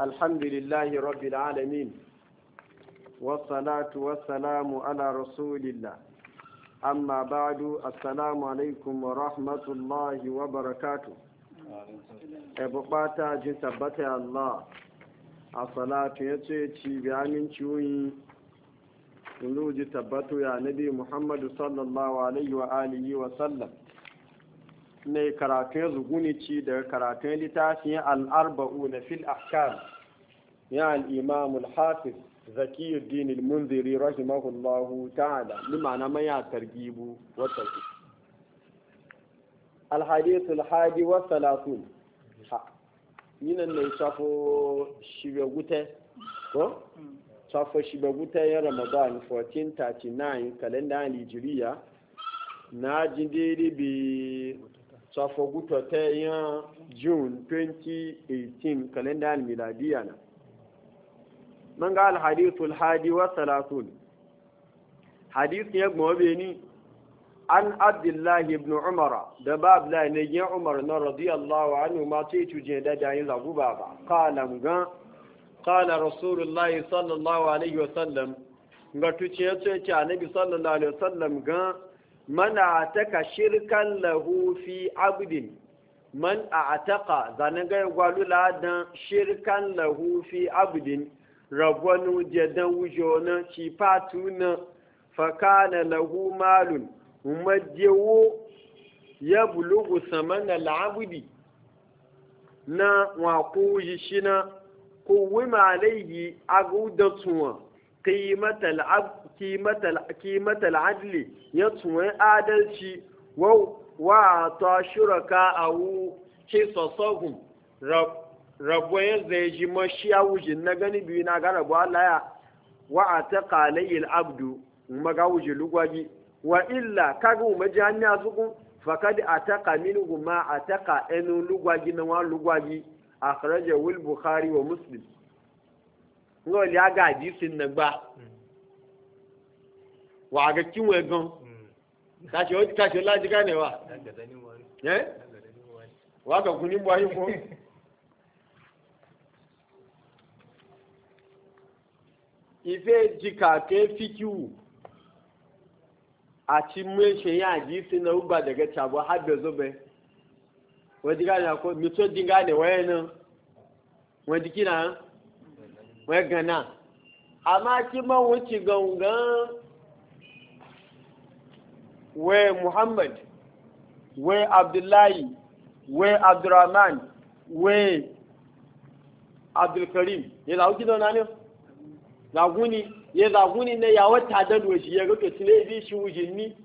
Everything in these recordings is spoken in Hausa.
الحمد لله رب العالمين والصلاة والسلام على رسول الله أما بعد السلام عليكم ورحمة الله وبركاته أبو أبقاتا جنتبت الله الصلاة يتشي بعمل شوي ونوجي تبت يا نبي محمد صلى الله عليه وآله وسلم ne karatun zugunici da karatun littafin al'arba'u na fil ahkam ya al'imam al-hafiz zakiyuddin al-munziri rahimahullahu ta'ala limana man ya targibu wata su al-hadith al-hadi wa salatun yinan ne shafo shiga gute ko shafo shiga wuta ya ramadan 1439 kalenda alijiriya na jindiri bi safoguto ta yin june 2018 kalenda miladiya na man ga alhadithul hadi wa salatun hadith ya gbobe ni an abdullahi ibn umara da ba abdullahi ne yin umar na radiyallahu anhu ma ce tuje da yin zaguba ba kala mugan kala rasulullahi sallallahu alaihi wasallam ga tuce ya ce annabi sallallahu alaihi wasallam ga mana taka shirkan lahu fi abdin man a ataka zanen gaya gwalu ladan shirkan lahu fi abdin rabonu jadan wujo na cipatu na fakana lahu malun umajewo ya bulugu samana la'abudi na wakoyi shina kowima alaihi agudatuwa kimatal adli ya tsuwai adalci wa ta shuraka a wu hisosogun rabo ya zai ji mashi ya wujin na gani biyu na ga rabo alaya wa a ta kalayil abdu ga wuji lugwaji wa illa kaga umaji hanya zuku fakadi a taka minugu ma a taka enu lugwaji na wa lugwaji a kharajar wil bukhari wa muslim wọ́n lè aga àdìsí nàgbà wà á kí wọ́n gan kàṣẹ ọtí kàṣẹ́ láti ká nẹ̀wà wà á kàkún ní buhari fún. ìfẹ́ jìkà ké fíkìwù àti mú ẹ̀ṣẹ̀ yẹn àdìsí si ó gbàdẹ̀gẹ̀ tàbí hábẹ̀ẹ́sọ́bẹ̀ ha bezo be nẹ̀wà kó mi tó mito ká nẹ̀wà yẹn náà wọ́n ti wai gana amma kima wuce gangan wai muhammad wai abdullahi wai abdurrahman wai abdulkarim ya na zauna ne zaguni ya zaguni ne ya wata dalwa shi ya rike cile bi shi ni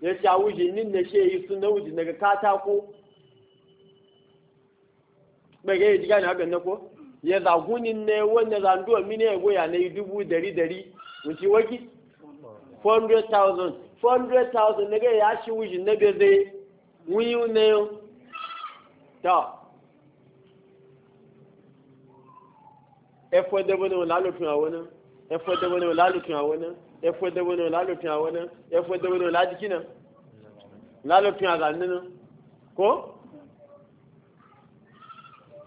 ya sha ni na shi yi suna na wujin daga katako bai ga yi jiga ne haka na ko ya zaguni ne wanda zanduwa mini ya goya na yi dubu dari dari wuce waki 400,000 400,000 na ya shi wujin na wuyi yau ta ne a wani efo dabo ne a wani efo dabo ne wani a zannin ko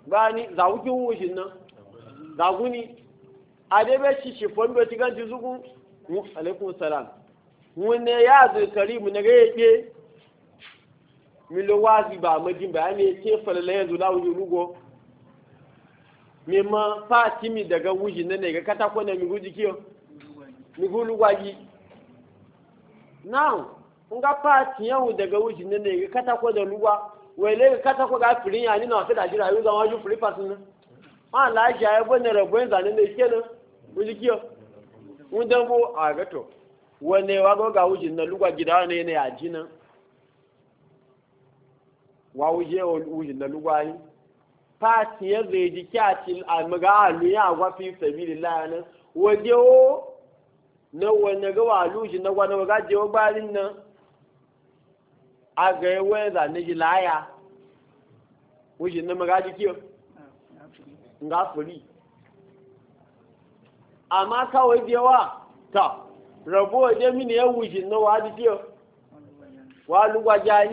gani za wuki wushin nan za guni a dai bai shi shi fondo ti ganci zuku mu alaikum salam wune ya zai karimu na ga yake milo wazi ba majin ne ke falala yanzu na wuji rugo mema mi daga wuji na ne ga katako na migu jikiyo migu n now nga yau daga wuji na ne ga katako da lugwa wele kata ko ga firin ya ni na ta daji rayu ga waju free pass ne ma la ja ya bo ne rabo en zanin ne ke ne mu ji kiyo mu dan ga to wane wa go ga na lugwa gida ne ne a ji nan wa wuje o wujin na lugwa ni pati ya zai ji kyacin a maga alu ya gwa fi sabilillah ne waje o na wane ga waluji na gwa na ga je o balin na? ga ewe za neji laya wujin na magaji kiyo nga furi amma kawai biyawa ta rabu waje mini ya wujin na waji kiyo walu lugwaja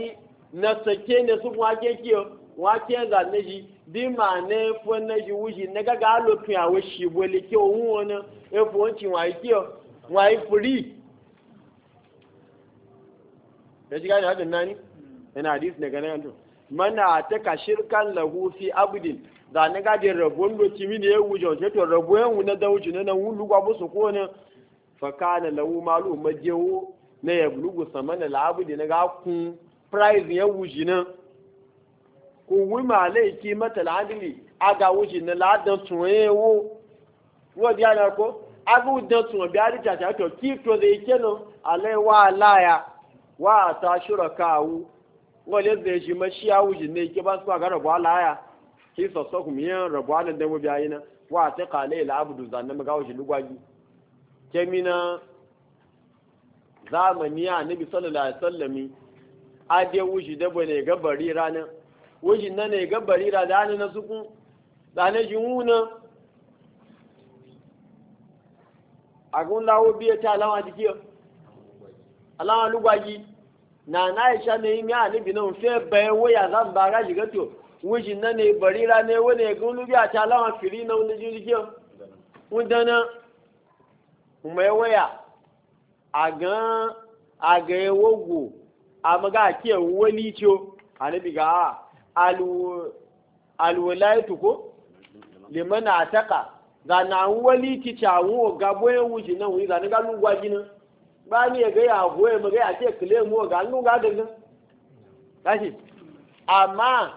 na sake ne su wake kiyo wake za neji bi ma ne fo ji wujin na gaga alopin awe shi bole kiyo wun wani efo wancin wa kiyo wa furi da shiga da hadin nani yana hadis daga nan to mana ta ka shirkan lahu fi abdin da na gadin rabon doki mini ya wujo ce to rabo yan wuna da wuce na nan wulu gwa musu ko ne fa kana lahu malu majewo na ya bulugu samana labudi na ga kun price ya wuji nan ko wi ma laiki mata ladili aga wuce na ladan tuwewo wo diana ko aga udan tuwe bi ari tata to ki to de ikeno ale wa wa ta shurakawu wale zai shi ma shi mashiya wuji ne ke ba su ga rabu alaya ki sassa kuma yin rabu alan da mu biyayi na wa ta kale ila abudu zanna mu ga shi lugwagi ke mina zamani ya nabi sallallahu alaihi wasallam ade wuji da bane ga bari rana wuji nan ne ga bari rana ranan na suku dane jinuna agun lawo biya ta lawa dikiyo aláwọn olúgbàjì nana aisha ne yi miya níbi náà fẹ́ bẹ̀ẹ́ wóyà zamba rájì gẹ́tò wíjì náà ne bàríra ne wọ́n ne gún lórí àti aláwọn fìrí náà ní jíríkì ń dáná mọ̀ ẹ́ wóyà àgán àgán ẹ̀wọ́ wò amaga àti ẹ̀wọ́ wọlé ìtìó àníbi gà á alùwẹ̀láyé tùkó lèmọ́nà àtẹ́kà zànà àwọn wọlé ìtìtì àwọn ọ̀gá bóyá wùjì náà wọ́n yìí zànà gálùgbàjì na. ba ni ya gaya goye mu ya ce kile mu ga an ga kashi amma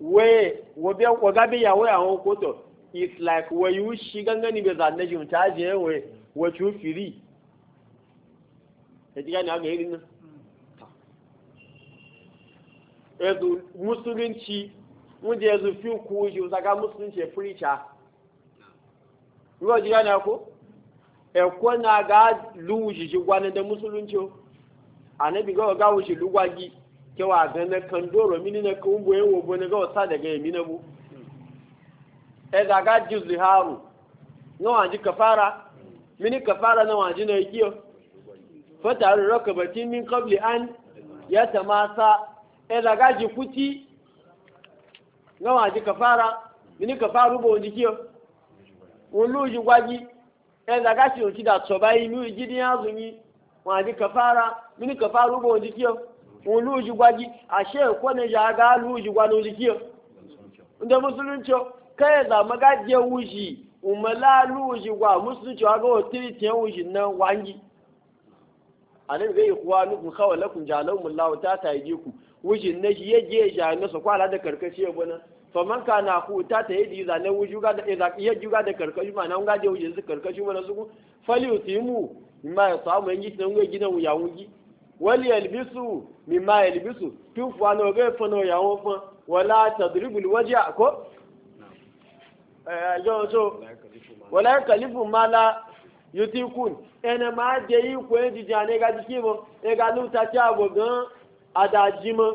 we wo bi ko ga bi ya awon ko to it's like we you shi gangan ni be za na jun ta je we chu firi e diga na ga irin musulunci mun je fi ku ji saka musulunci preacher ruwa diga na ko ẹ̀kọ́ na gá lùwù ṣìṣì gwa ní musulunci anabi gawa shi lugwagi kewa gane kan doro mini na kan boye wo daga yemi na bu e da ga ji na kafara mini kafara na waji na yiyo fataru rakabatin min qabli an ya tamasa e da mini ɗaya zaga shi yauki da tsoba yi mi gidi ya zumi wa ji kafara mini kafara ubo wa jikiyo wa luji gwaji a she ko ne ya ga luji gwa luji kiyo inda musulunci kai da magajiya wuji umala luji gwa musulunci wa ga otiri tiyan wuji na wangi anan ga kuwa nukun kawai lakun jalawun lawa ta ta yi ku wujin na shi ya je ya ja nasa kwala da karkashi ya bana fa man kana ku ta ta yadi za na wujuga da e za iya juga da karkashi ma nan gaje wujin su karkashi wala su fali usimu mimma ya samu yin gidan wai gidan ya wuji wali yalbisu mimma yalbisu tufu wala ga fano ya wofa wala tadribul wajha ko eh jo so wala kalifu mala yutikun ene ma je yi ko e dijane ga dikimo e ga luta ti abogan adajimo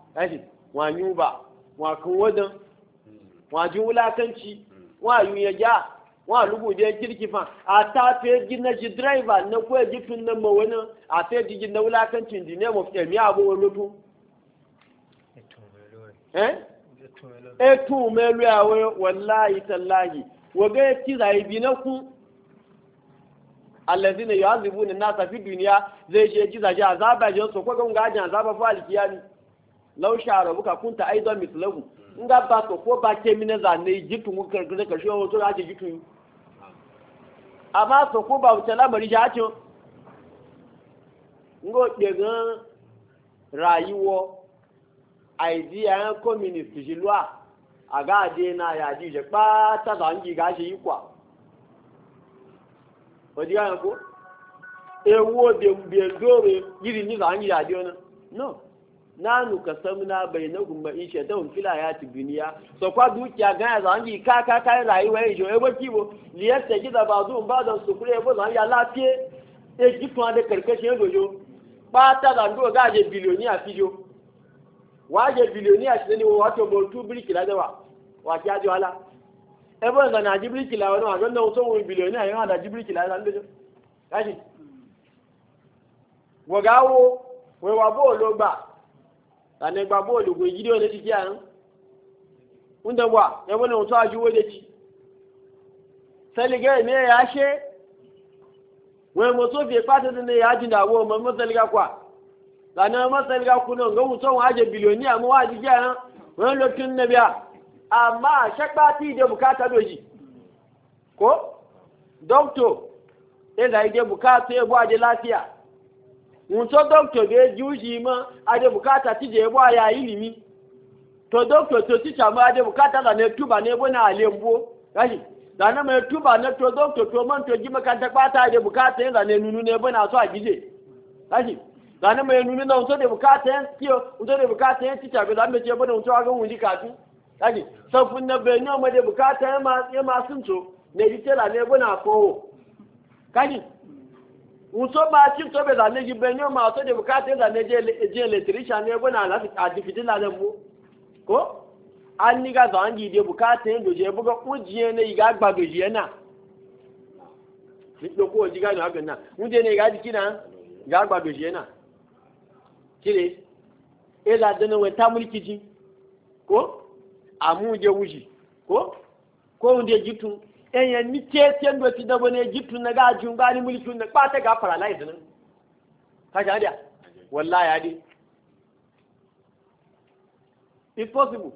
kashi wa ba wa kowadan wa ji wulakanci wa ya ja wa lugu je kirki fa a ta fe gina ji driver na ko ji tun nan ma wani a fe ji gina wulakanci di ne mu fe mi abu wani lutu eh etu melu awe wallahi tallahi ga ki zai bi na ku allazina yu'azibuna an-nasa fi dunya zai je ki zaje azaba je so ko ga ga azaba fa alkiyami laushe a rabuka kun ta aizon mislahu in ga ba ka ko ba ke mina zane jikin wukar gina karshe wa wato ake jikin amma ka ko ba wuce lamari shi hacin ngo ɗegan rayuwa a idea yan communist shi luwa a ga ade na ya ji je pa ta za ngi ga shi ikwa wajen yanku ewu obi mbe ndore yiri ni za ngi ya di no nanu ka samna bai na gumba in shaitan fila ya ti duniya so kwa dukiya ganya za yi ka ka ka rayuwa yin jo ebo kibo liyar ta gida ba zuwa ba da su kure ebo za ya lafiye e gitwa da karkashin dojo ba ta da ndo ga je biliyoniya fijo wa je biliyoniya shi ne wato bo tu bilki da dawa wa kya jo ala ebo ga na jibri kila wani wa don da so wani biliyoniya yana da jibri kila da ndo kashi wagawo wewa bo lo gba tàbí gba bóòlù kò yí dé ọdẹ títí àná ń dẹ wà ẹgbẹ́ náà tó àjúwò dé tì sẹ́lẹ̀gẹ́ ya ẹ̀yà ṣe wọ́n mọ̀ tó fi ipá tẹ́tẹ́ ní ìyá jìnnà àwọn ọmọ mọ́sẹ́lẹ̀gá kwa ku ọmọ mọ́sẹ́lẹ̀gá kú náà ngóhùn tó wọn àjẹ bìlíọ̀nì àmọ́ wà títí àná wọ́n lọ tún nẹ́bí à àmọ́ àṣẹ́pá tí ìdè bùkátà lòjì kó dókítò ẹ̀dà ìdè bùkátà ẹ̀bọ́ àjẹ nso doctor ga-eji uji ma adị bukata tije egbu aya ilimi to doctor to ticha ma adị bukata n'etuba na-etuba n'egbo na ala mgbo gashi da na ma etuba na to doctor to man to maka ntakpata kpata adị bukata ga na enunu n'egbo na asụ agije gashi da na ma enunu na nso dị bukata kiyo nso dị bukata ya ticha bi da mmechi egbo na nso aga nwunji katu gashi sọfun na benye ọmọ dị ya ma asụ nso na ejitela n'egbo na akọ gashi wuto ba cin to bai zane gi bai ma to da bukatun zane je electrician ne gona na a difiti na nan ko an ni ga zan gi de bukatun do je buga ujiye ne ga gba do je na ni do ko ji ga no hagan na unje ne ga diki na ga gba do je na kire e la dana we ta mulki ji ko amu je wuji ko ko unje gitu ẹ̀yẹn ní kéèké ń dọ̀tí dọ́gbọ́ na egypt ní gáà jù bá ní múlíkù ní pàtẹ́ gà paralyze ní kájà dìá wọ́lá yà dé it's possible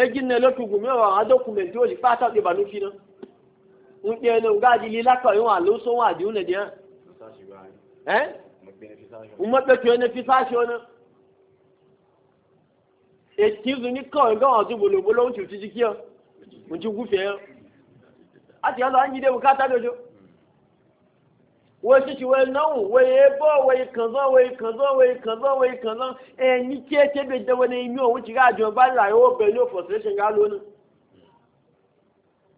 ejì náà lókè gùn mẹ́wàá àwọn dọ́kúmẹ̀ntì òjì pátá òkè bàánú fi ná ń pẹ́ ẹni ògá di ilé lápá ìwọ̀n àlóso wọn àdìhùn nìdí hàn ẹ́ mo pẹ́ kí ne fi sáṣọ ọ́nà ètí ìzùn ní kọ́ ẹ̀gbọ́n ọ̀dún bòlòbòlò ń tù mun ci gufe yan a ti yanzu an yi dai bukata da jo wai shi wai nan wai ya bo wai kanzo wai kanzo wai kanzo wai kanzo eh ni ke ke be da wani mi o wuci ga jo ba frustration ga lo ni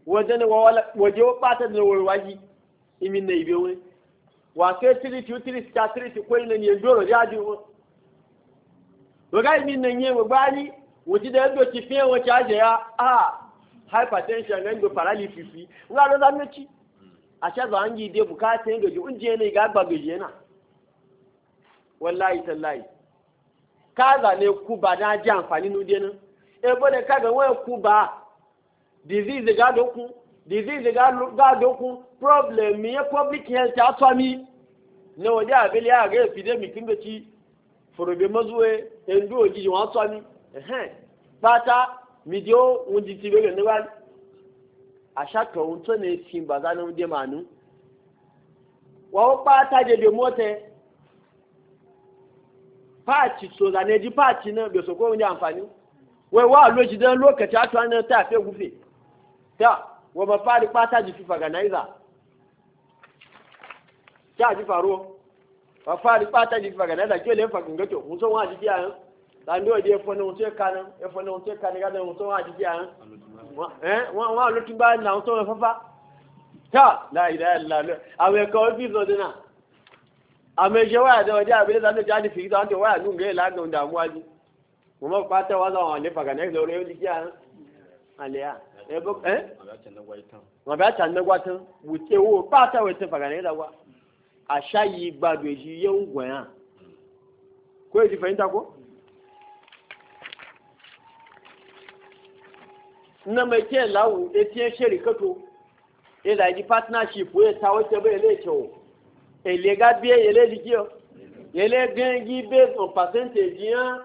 waje ne wala waje wa pata da wai waji imi ne ibe wai wa ke tiri ti tiri ta tiri ti ko ni ya ji wo wa ga imi ne nye wa gbani wuci da ndo ti fe wa ya ah hypertension ga ndo paralysis nga do dan mechi asha zo anji de bukata ndo ji unje ne ga gba gaje na wallahi tallahi ka za ne ku ba na ji amfani nu de na e bo de ka ga wa ku ba disease ga do ku disease ga ga do ku problem mi public health atwami ne o de abele a ga epidemic ndo chi forobe mazuwe endo oji wa atwami ehe pata mijo wunji ti bebe ne wani a shakka wunto ne ti ba za na wunde manu wa o pa ta je de mote paati so da ne ji paati na be so ko wunde amfani wai wa lo ji dan lokaci a tuwa na ta fe gufe ta wa ma fari pata ji fifa ga naiza ta ji faro ma fari pata ji fifa ga naiza kyole fa kungato mun so wa ji biya eh? tàbí òde ẹfọ́nà ohun tó kanu ẹfọ́nà ohun tó kanu gádà ohun tó wà jíjí àrùn wọ́n wọ́n ló tún bá nà ohun tó rẹ̀ fọ́fá tá láìláì lálẹ́ àwọn ẹ̀kọ́ ó bí ìsọdún náà àmì ìṣẹ́ wáyà tó ọdí àbílẹ̀ sáré jáde fi ìtàn tó wáyà nù gẹ́gẹ́ láàgbọ̀n ìdààmú wájú mo mọ̀ pa tẹ́wọ́ láwọn àlẹ́ ba lórí ó jíjí àrùn àlẹ́ à wọ́n bá tànẹ́gbá na mai ke lawu da e kato e ya ji partnership ya e ta wace bai ele kyau e le ga biye ele ligiyo ele gi be for percentage ya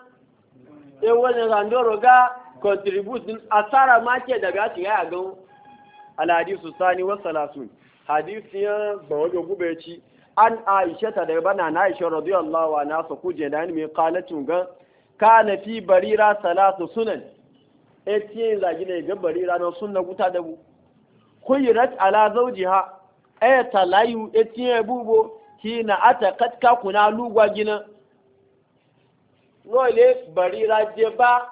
e wani randoro ga contribute asara ma ke daga ci ya gan alhadisu sani wa salasun hadisi ya ba wajen gube ci an aisha ta daga bana na aisha radiyallahu anha su kuje da ni mai qalatun ga kana fi barira salatu sunan etiye zagi ne gabari ranar sunna guta dabu kuyirat ala zawjiha ay e talayu etiye bubo kina ata katka kuna lugwa gina le bari raje ba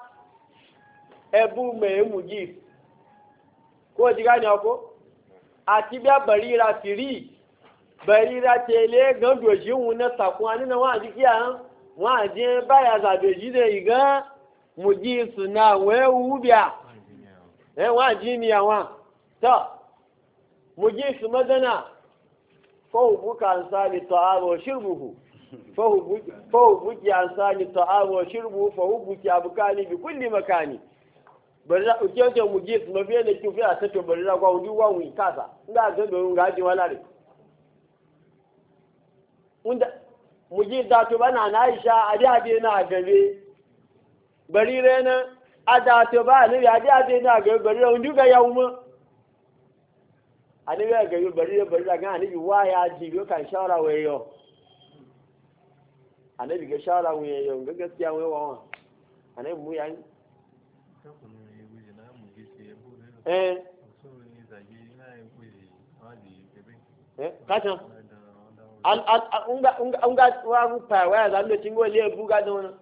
ebu mai muji ko ji gani ko ati bia bari ra firi bari ra tele gando jiwu na sakwa ni na wa ji wa je baya zabe ji de igan mu ji suna wee wubia eh wa ya wa to mu ji su magana fahu buka an sani ta'awo shirbuhu fahu buki an sani ta'awo shirbuhu fahu buki abukani bi kulli makani bari na uke uke mu ji su mafiya da kifi a sato bari na kwa wuri wa wuri kasa nga ga domin gaji wala ne mu ji zato bana na aisha a dade na gabe bari rena ada to ba ne ya da da na ga bari ran duga ya umma ani ga ga bari bari da ga ni wa ya ji yo kan shara we yo ani ga shara we yo ga gaskiya we wa ani mu ya eh, eh kacha an an unga unga unga wa ku pa wa za ndo tingo le buga dona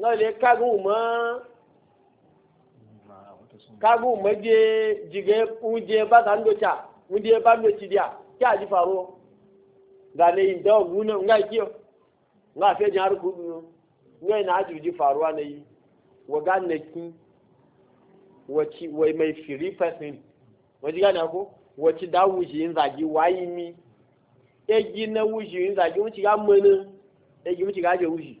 ngale kagu ma kagu ma je jige uje ba tan do cha uje ba do chi dia kya ji faruwa ga le ndo guna ngai kiyo nga fe jar ku no ngai na ji ji faro na nei wa ga ne ki wa chi wa mai firi person wa ji ga na ko wa da wuji in zagi wa yi mi na wuji in zagi wuci ga mu wuji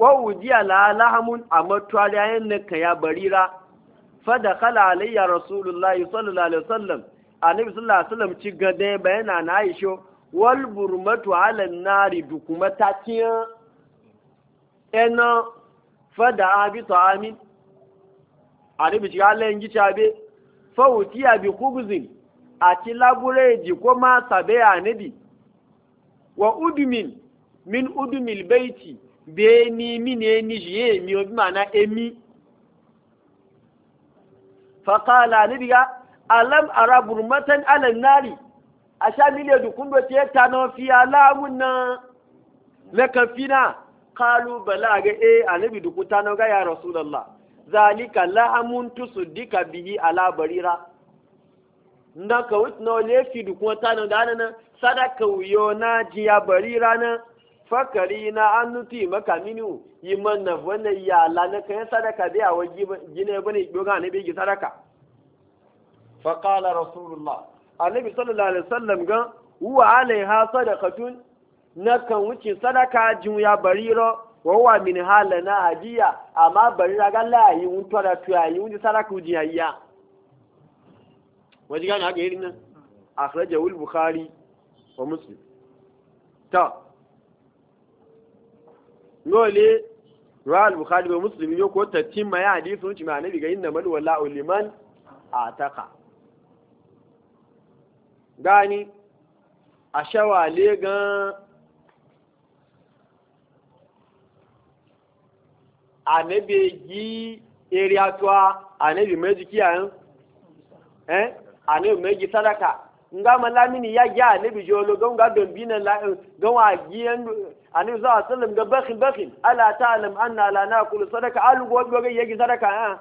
wawu jiya lalahamun a matuwar yayin na ka ya barira fada kala alayya rasulullahi sallallahu alaihi wasallam annabi sallallahu alaihi wasallam ci gade bayana na aisho wal burmatu ala nari dukuma ta tiya ena fada abi to amin annabi ci ala yin gicha be fawutiya bi kubuzin a ci labureji ko ma sabe annabi wa udumin min udumil baiti beni ni ne ni ẹni ṣìyẹ́ èmi obi máa ná fakala ni níbi ya alam matan nari a sha mílíọ̀ dukun do ti e ta na fi alamun na lẹ́kan fi náà bala ga e anabi dukun ta náà ga ya rasulallah zalika la'amun tusuddika bihi ala barira na ka wuce na wale fi dukun ta nan da nan sadaka wuyo na jiya barira na. fakari na an maka minu yi manna wannan lana na yi sadaka da yawa gina bane yoga ne bai sadaka faqala rasulullah annabi sallallahu alaihi wasallam ga huwa alaiha tun na kan wuce sadaka jin ya bari ro wa huwa min na ajiya amma bari ga layi yi un tura tuya yi un sadaka ujin ayya wajiga na ga irin nan akhrajahu al-bukhari wa muslim ta lole rawal bukhari mai musulmi yau ko tattin ma ya hadisi wuce ma annabi ga inna mal wala uliman taka. gani a shawale gan annabi gi area tuwa annabi mai jiki a eh annabi mai ji sadaka nga malamini ya ya annabi jolo gan ga don binan la gan wa giyan ani za a tsallam ga bakin bakin ala ta'lam na la kula sadaka alu go go yegi sadaka ha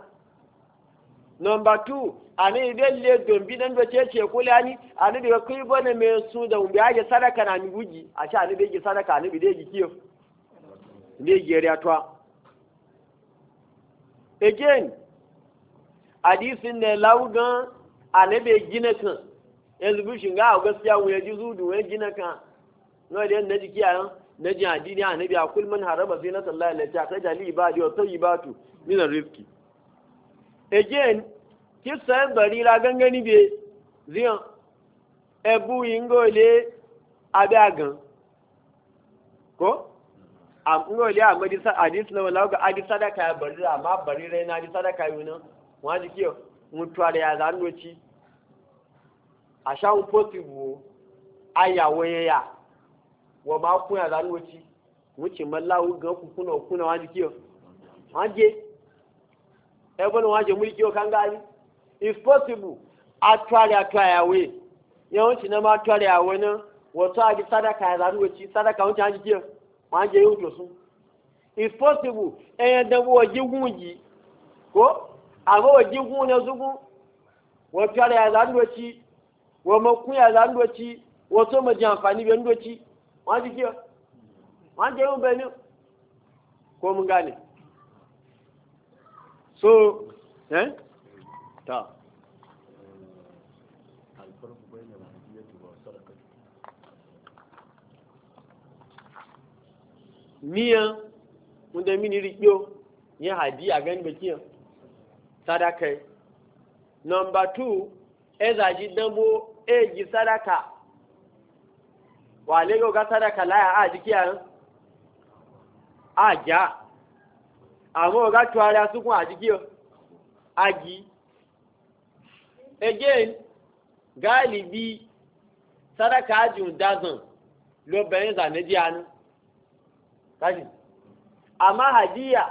nomba 2 ani delle don bi dan bace ce kulani ani da kai bane me su da umbi aje sadaka na mi guji a sha ani dai yegi sadaka ni bi dai yegi kiyo ne yegi riatwa again hadisin ne laugan ani be gina kan yanzu bishin ga gaskiya wuya ji zudu wani gina kan no da na jiki a nan na jin addini nabi a kulman haraba sai na sallallahu alaihi wasallam akhraja li ibadi wa tayyibatu min rizqi again kissa barira gangani be ziyan ebu ingole gan, ko am ingole a sa hadis na wala ga hadis sadaka ya barira ma barira na hadis sadaka yuna waji kiyo mutuwa da ya zanoci a shan possible ayawo ya wa ma kuya za ni wuce wuce mallawu ga ku kuna kuna wa jikiyo waje e bon waje mulki o kan gani if possible atware atware awe yawanci na ma atware awe na wato a sadaka ya za ni sadaka wuce wa jikiyo waje yau to sun if possible ẹyẹn dẹ́gbọ́ ọjí gún yìí kó àbọ̀ ọjí gún ní ọdún wọ́n fi ara yàrá ń lọ́tí ku mọ kún yàrá ń lọ́tí wọ́n tó mọ̀ jẹ́ wọ́n kí ọ wọ́n jẹ́ oúnjẹ ní kó mú gánì so ẹ́ tà. miyan wanda mini rikyo ya hadiya gani bakiyan sadaka number two ezaji dambo sadaka wà lérò gátàdàkà láyà àjíkí àrùn àjá àwọn ọ̀gá tó ara súnkún àjíkí ọ again gáàlì bí sádàkà àjùn dazan lóbìnrin zàmẹ́jì àánú kájì àmá hadiya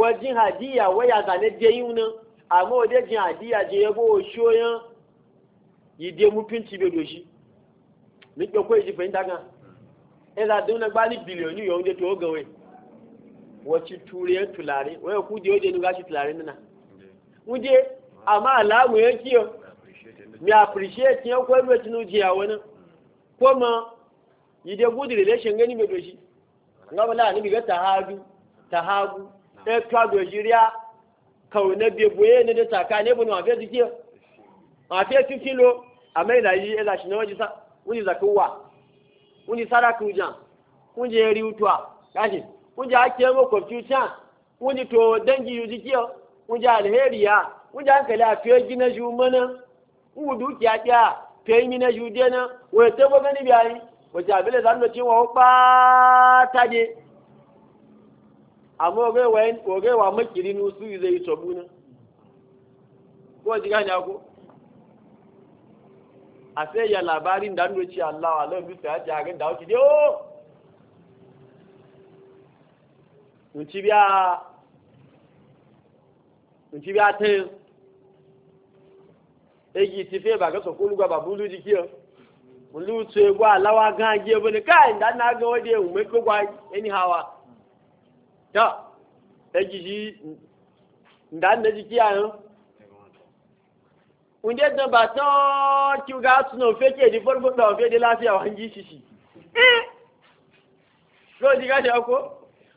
wajin hadiya waya zàmẹ́jì yìí náà àmọ́ òdejì hadiya jẹ́ ẹgbó òṣìṣẹ́ yìí dé mú píntì bèdò yìí mike ko ji fahimta kan ila duna gbali biliyoni yau da to gawe wacce ture tulare waya ku je je nuga shi tulare nuna muje amma alamu ya kiyo mi appreciate yan ko ruwa tinu jiya wani ko ma yi da good relation gani me doshi nga wala ni biga tahadu tahagu e kwa dojiria kaune be boye ne da takane bunu afi dikiyo afi 50 kilo amma ila yi ila shi na wajisa wunji zakuwa wunji saraku jan wunji eri utwa kashi wunji ake mo confusion wunji to dangi yuji kiyo wunji alheri ya wunji hankali a fiye gina ju mana wu dukiya kiya fiye mina ju dena wai ta bo gani biyayi wace abin da za mu ci wa ɓata ne amma ogewa makiri nusu zai yi na ko ji gani ako a sai ya labarin da nuna ce Allah wa lafi ta yaji hagan da hauki diyo nci biya ta yin egi ti fe ba ga so ko luga ba bulu jikiyo mulu tse gwa lawa gan je bane kai da na ga wode mu me ko eni hawa ta egi ji ndan na jikiya yo kunje e da ba to ki ga suno feke di farko da fe di lafiya wa hanji shi so di ga da ko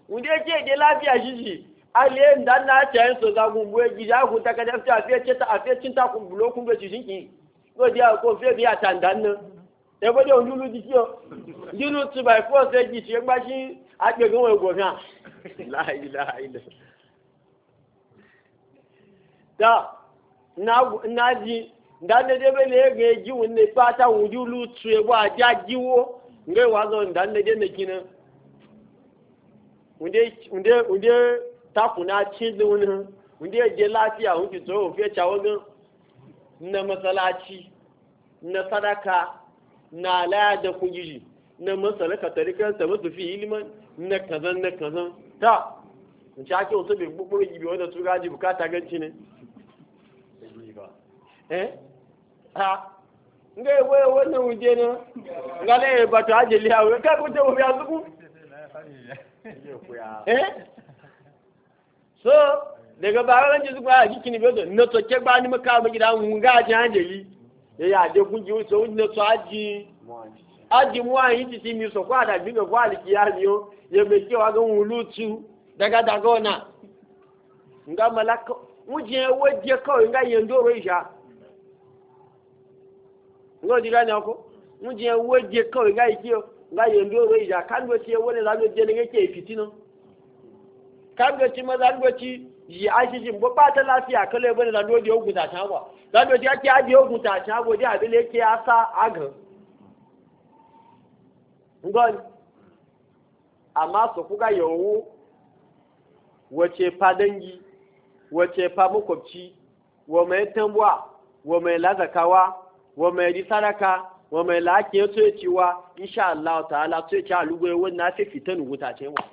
kunje ke di lafiya shi shi ale nda na ta so za gun bu ja ku ta ka da ta fe ce ta afe cin ta ku bulo ku be shi shi so di ko fe bi atandan na e bo de on lulu di yo lulu tu by force e ji se gba shi agbegun wo go fian la ilaha illa da na ji nga nedebe na ego eji wunne kpata wudi ulu utu egbu aja jiwo nga wazo nda na kina wunde taku na cin wani wunde je lafiya hunki to ofe chawogan na masalaci na sadaka na alaya da na masalaka tarikan masu fi ilman na kazan na kazan ta in ci ake wasu eh ha nga ewe ewe na wuje na nga le bato ajeli awe ka kute wo ya zuku eh so daga bara ran zuku a jiki ni bedo na to ke gba ni maka ba ga aji ajeli ye ya de kun ji o so na to aji aji mu ayi ti ti mi so kwa da bi ko ali ki ya ni ye me wa ga tu daga daga nga ewe je ko nga ro isha ngo di gani ko e mu je woje ko ga ikiyo ga ye ndo ro ija kan go ti wole la go je ne ke fitino kan go ti ma zan ti yi aji jin bo pata lafiya kale bane la di ogun ta ta wa la ndo ti ake aje ogun ta ta wo di abele ke asa agan ngo amma so kuga yowu wace fa dangi wace fa makwabci wa mai tambuwa wa mai lazakawa wa mai di saraka wa mai lake ya tsoye cewa insha Allah ta'ala tsoye cewa lugwai na sai fitan wuta ce wa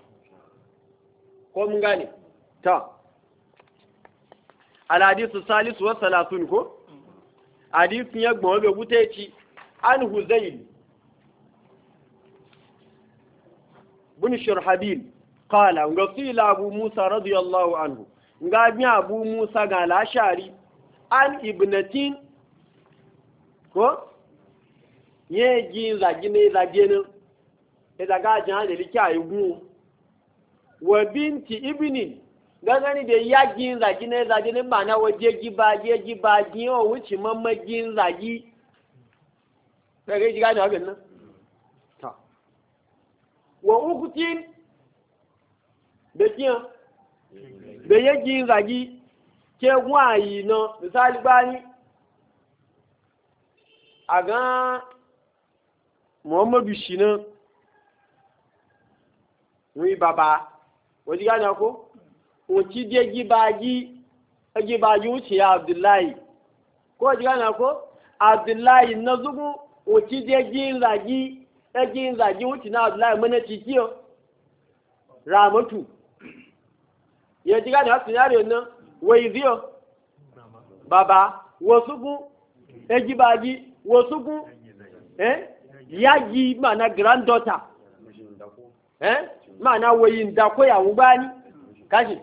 ko mun gane ta alhadisu salisu wa salatun ko adisu ya gbọ́n bai wuta ci an huzail bin shurhabil Kala, ga fila abu musa radiyallahu anhu ga biya abu musa ga lashari an ibnatin ko ye ji na zagi ne zagi ne e daga jan da liki ayu wa binti ibnin gangani da ya ji ịza ne na ne mana waje ji ba je ji ba ji o wuce mamma ji zagi daga ji gani abin nan ta wa ukutin da kiyan da ya ji zagi ke gwa yi no misali bani a ga muhammadu shi nan wani baba wajen gane ko oci je gibagi gibagi wuce ya abdullahi ko wajen gane ko abdullahi na zugu oci je gin zagi ɗagin zagi wuce na abdullahi mana cikiyo ramatu ya ji gane wasu yare nan wai ziyo baba wasu ku gibagi wasu ku eh yayi mana granddaughter eh mana wayin da ko ya ubani kashi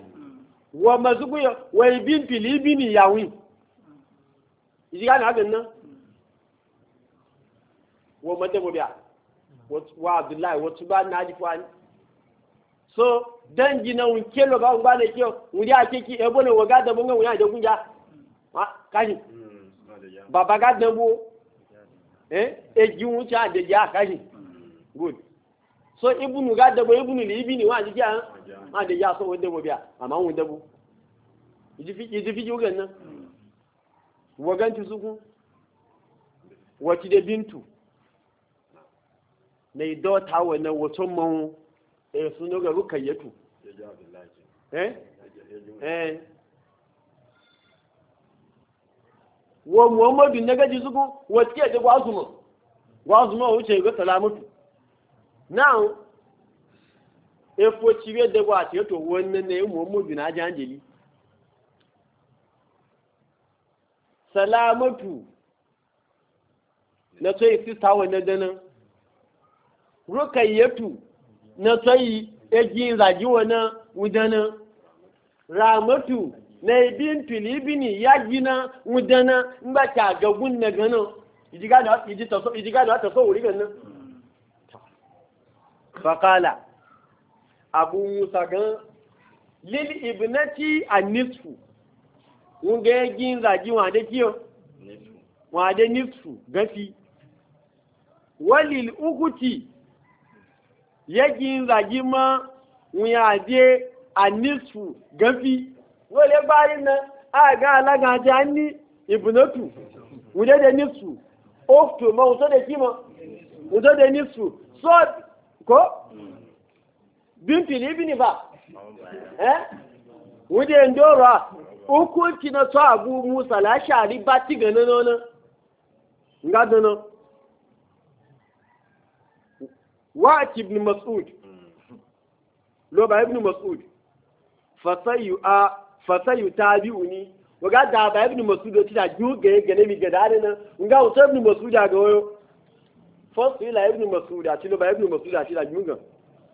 wa mazugu wai bin filibi ni yawin iji gane hakan nan wa madabu biya wa abdullahi wasu ba na ji fani so dan gina un kelo ba un bane kiyo wuri a keki ebo ne waga da bunga wuri a da kunja kashi hmm, baba ga dambo eh eji wuce a da ya kashi good so ibnu ga dabo ibnu li ibni wa ji ya ma da ya so wanda bo biya amma wun dabo ji fi ji fi jugan nan waganti su ku wati da bintu ne dota wannan wato mun eh sun ga rukayyatu eh wa muhammadu na gaji suku wa suke ji gwazuma gwazuma wuce ga Salamatu. now efo cire da ba ce to wannan ne muhammadu na ji hanjeli salamatu na tsaye sista wannan dana. rukayyatu na tsaye ejin zagi wannan wudanan ramatu na ibi ibi ni ya gina wudana mba ba ta gagun na gano iji da ta so wuri gano fakala abu musa gan lil ibnati a nisfu wunga ya gin zagi wade kiyo wade nisfu gafi walil ukuti ya gin zagi ma wuyaje a nisfu gafi wale bayan na a ga alaga ji ni ibnatu wuje da nisu ofto ma wuto da kima wuto da nisu so ko binti ne bini ba eh wuje ndora hukunci na so abu musa la shari ba ti gana nona nga dana mas'ud lo ba ibn mas'ud fasayu a fasayu tabi'uni waga da ba ibn masud da tida ju ga ga ne mi ga dare na nga usa ibn masud ga yo fasu ila ibn masud da tilo ba ibn masud da tida ju ga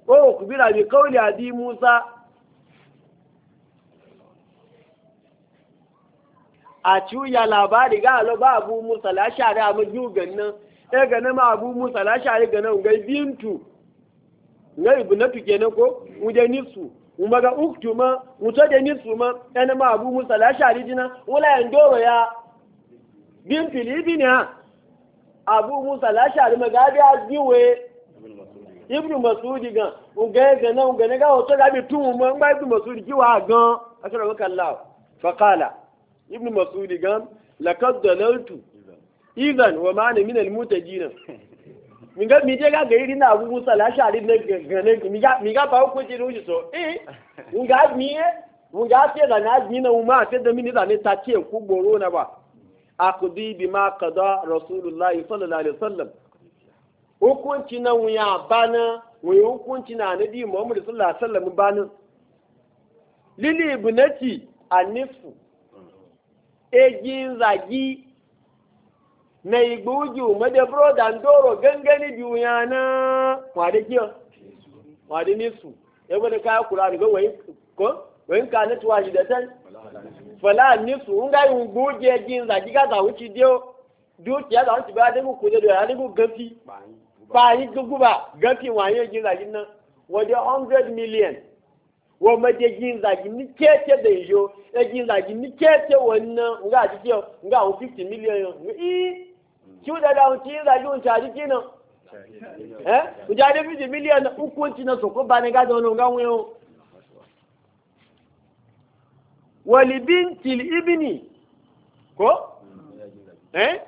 ko kubira bi rabi qawli abi musa a cuya labari ga lo ba abu musa la share a maju gannan e ga na ma abu musa la share ga nan ga bintu na ibnatu kenan ko uje nisu umaga uktuma muto da nisuma ene ma abu musa la sharidina wala ndoro ya bin filibina ne abu musa la shari magabi aziwe ibnu masudi gan ugege na ugene ga oto ga bi mo ngba ibnu masudi ki wa gan akara waka la fa qala ibnu masudi gan laqad dalaltu idan wa ma'ana min al mutajina miga mije ga gari na abu musa la shari ne ga gane miga miga ba ku ji ruji so eh nga miye nga ce da na ji na umma ce da mini da ne ta ce ku goro na ba akudi bi ma qada rasulullahi sallallahu alaihi wasallam hukunci na wuya bana Wuya hukunci na nabi Muhammadu sallallahu alaihi wasallam bana lili ibnati anifu mm. ejin zagi na igbe uju mede broda ndoro gangani biyu ya na kwade kiyo kwade ọ ya gwada kaya kula daga wayin ko wayin ka na tuwa jidatan fela nisu un ga yin goje jin za giga za wuci dio dukiya za wuci ba da ku ya gafi gugu ba gafi waye jin za gin nan waje 100 million wa mede ni kete e ni kete nga 50 million ki da da hun zagi hun caji kinan eh ku ja da miliyan uku ci na soko ba ne ga da wannan ga wuyo wali bintil ibni ko eh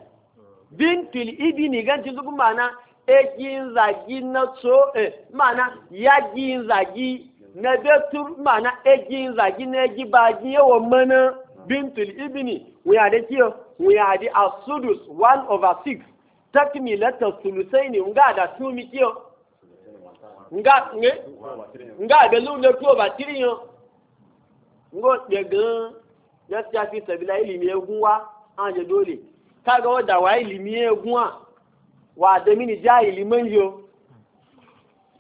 bintil ibini gan ci zugu mana ejin zagi na so eh mana yajin zagi na betur mana ejin zagi na ji ba ji yawa mana bintil ibini wuya da kiyo we had the asudus 1 over 6 takmilata sulusaini nga da tumi kiyo nga nge nga da lu na ba ngo de gan ya siya fi sabila ilimi ya guwa an je dole kaga wadda wa ilimi egun wa wa da mini yo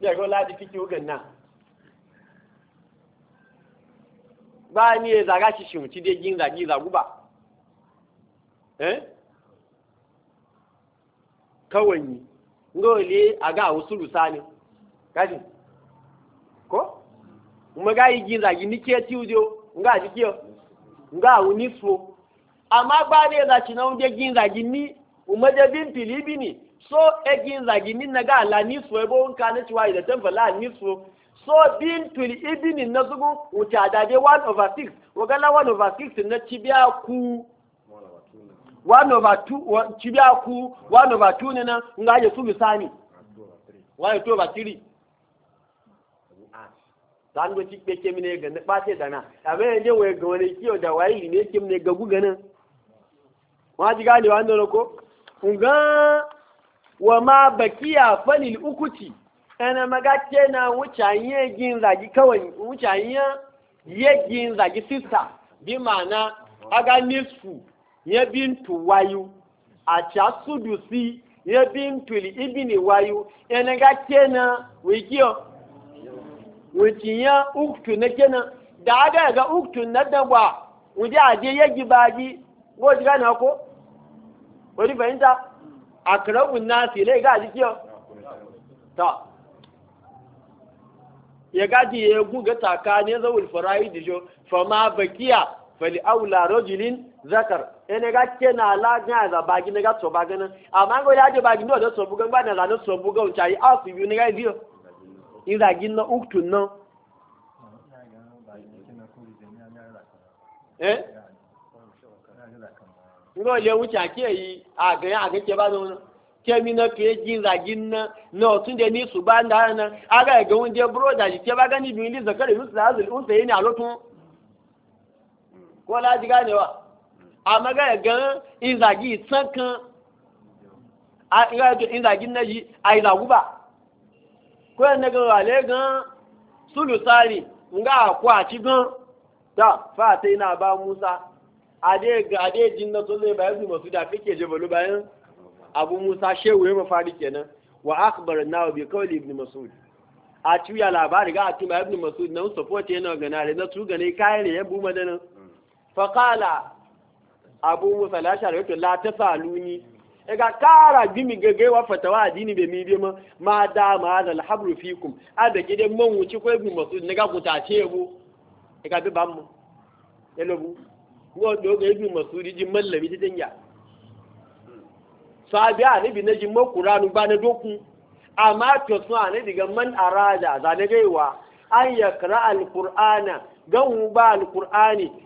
ya ladi fiki ugan na ba ni e zaga shi shi de jin zagi zaguba eh kawai ngole aga awusulu sani kaji ko umaga igiza nike ti ujo nga jikio nga unifo ama bade da china unje ginza gini umaje bin pilibini so e ginza gini naga ala nifo ebo nka ne chiwa ile temfa la nifo e so bin pilibini na zugu uta dade 1 over 6 wagala 1 over 6 na tibia ku one over two cibiya ku 1 over two ne nan nga ya over three zan go ci ga na bace da na abe ne we ga wani kiyo da wayi ne kim ga ji gani wa ndoro ko nga wa ma bakiya fani ukuti ana magace na wucanye gin zagi kawai ye yegin zagi sister bi ma'ana aga ya bintu wayu a ca sudusi ya ibi ibini wayu yana ga kenan wikiyo wikiya uktu na kenan da aga ga uktu na dagwa wuje aje ya gibaji ko jiga na ko wani fahimta akrabun nasi lai ga jikiyo ta ya gaji ya guga tsakanin zawul fara'i da jo fama bakiya fali aula rajulin zakar ene ga kena la ga za bagi ne ga so bagi na amma go ya de bagi no do so bugan ba na la no so bugan chai asu bi ne ga dio ira gi no uktu no eh ngo le wuce ake yi a ga ya ga ke ba no kemi na ke gi za gi na no tun de ni su ba nda na aga ga wunde broda ji ke ba ga ni bi ni zakar yusla e azul unsa yini a lotun ko laji ganewa amma ga gan inzagi zagi tsankan a ga to in zagi na ji ai zagu ba ko ne ga wale gan sulusani ci gan fa sai na ba Musa ade ga jin na tolle bayan su masu da kake je balu bayan Abu Musa shehu ya kenan wa akhbarna bi qawli ibn Mas'ud a ciya labari ga a tuma ibn Mas'ud nan support yana ganare na tu gane kayan ya bu madanin faƙala abu musa lashar yake la ta saluni e ga kara gimi wa fatawa addini be mi bema ma da ma da alhabru fikum ada da man wuce ko ibn masud ne ga kuta tace Ega e ga bi ban mu ya e lobu ko do ga ibn masud ji mallami ta sa bi a bi na ji qur'anu ba na doku amma to so ani ne daga man arada za ne gaiwa an yakra alqur'ana gan ba alqur'ani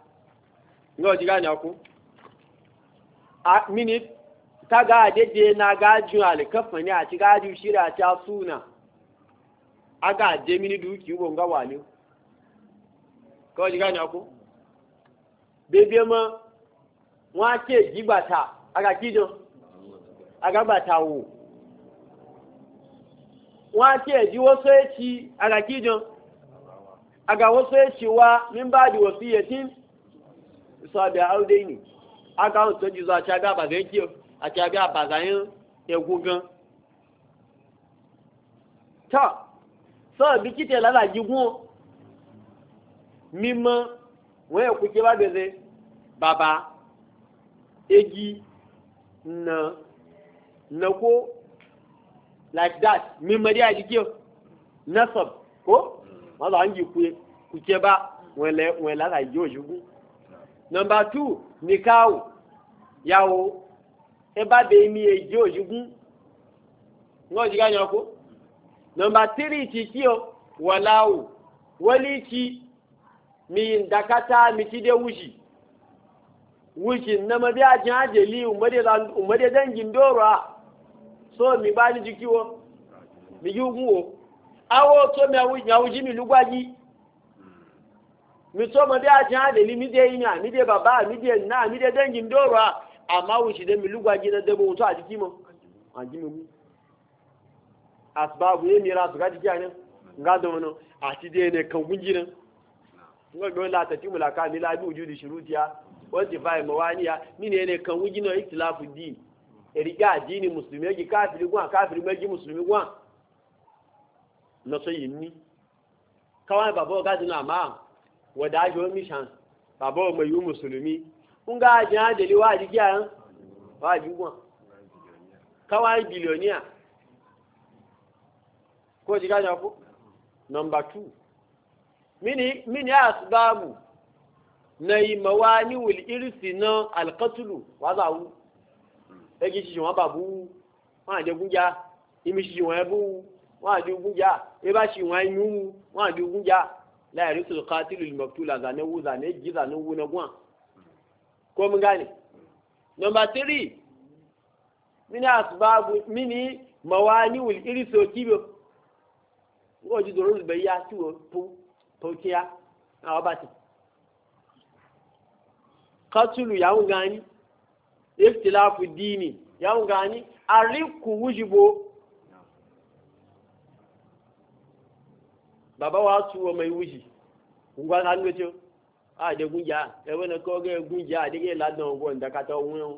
ngo jiga nya ku a mini ta ga adede na ga ju alkafa ne a ci ga ju shira ta suna aga je mini duki ubo nga wale ko jiga nya ku bebe ma wa ke jibata aga kijo aga bata wo wa ke ji wo so echi aga kijo aga wo so echi wa min ba di wasiyatin sọ bẹ àwọn ọdẹ ni akáwọn tó jù sọ àti abẹ àbàzà yẹn kíọ àti abẹ àbàzà yẹn ẹgún gan. tọ́ sọ bí kìtẹ̀ mímọ́ wọ́n ẹ̀kú tí wọ́n bẹ̀rẹ̀ bàbá egi nà nàkó like that mímọ́ dí àdìgíọ́ nẹ́sọ̀b kó wọ́n lọ à kú yẹ kú tí bá wọ́n lẹ́ wọ́n nọmba tu nìkawo yàwó eba bá bẹ mi èjì òjúgún ńgọ́ òjìká yàn nọmba tírì títí o wọ̀láwò wọlé mi ndakata mi ti dé wùjì wùjì a jẹ́ àjẹlí òmọdé dẹ́njì ndóró a so mi bá mi awo mi mi so mo de ajan de li mi de yin mi de baba mi de na mi de dangin doro a ama wo shi de mi lugwa gina de bo to ajiki mo ajimi mi asbabu ye mira to gaji kana nga do no ati de ne kan gunjina ngo do la ta la ka mi la bi wujudi shurutiya wa tifai mawaniya mi ne ne kan gunjina ikhtilafu di erika adini muslimi yake kafiri gwan kafiri meji muslimi gwan na so yin ni kawai babo gaji na ma. wadajo mishan bàbá ọmọ ìlú mùsùlùmí ń gá àjẹ́ àjẹ́lé wà jí gíà ń wà jí wọn káwà bìlíọ̀níà kó jí kájọ kú nọmbà 2 mini asibabu na ìmọ̀wá ní wìlì irisi na alkatulu wázàwú ẹgbẹ́ ṣíṣe wọn bàbú wọn àjẹ́ gúnjá imi ṣíṣe wọn ẹbú wọn àjẹ́ gúnjá ẹbá ṣíṣe wọn ẹyún wọn àjẹ́ gúnjá la yarisul qatilu lil maktula zane wu zane gi zane wu na gwan mini asbabu mini mawani wul iriso kibo wo ji doro be ya ti wo pu to kiya awa bati qatlu ya ngani iftilafu dini ya ngani ariku wujibo Baba wa tu ọmọ ìwú yìí ngwa ká ń gbẹ́tọ́ àdégúnjà ẹgbẹ́ náà kọ́ gẹ́ gúnjà àdégé ládùn ọgbọ́n ìdákatọ́ òun ẹ̀hún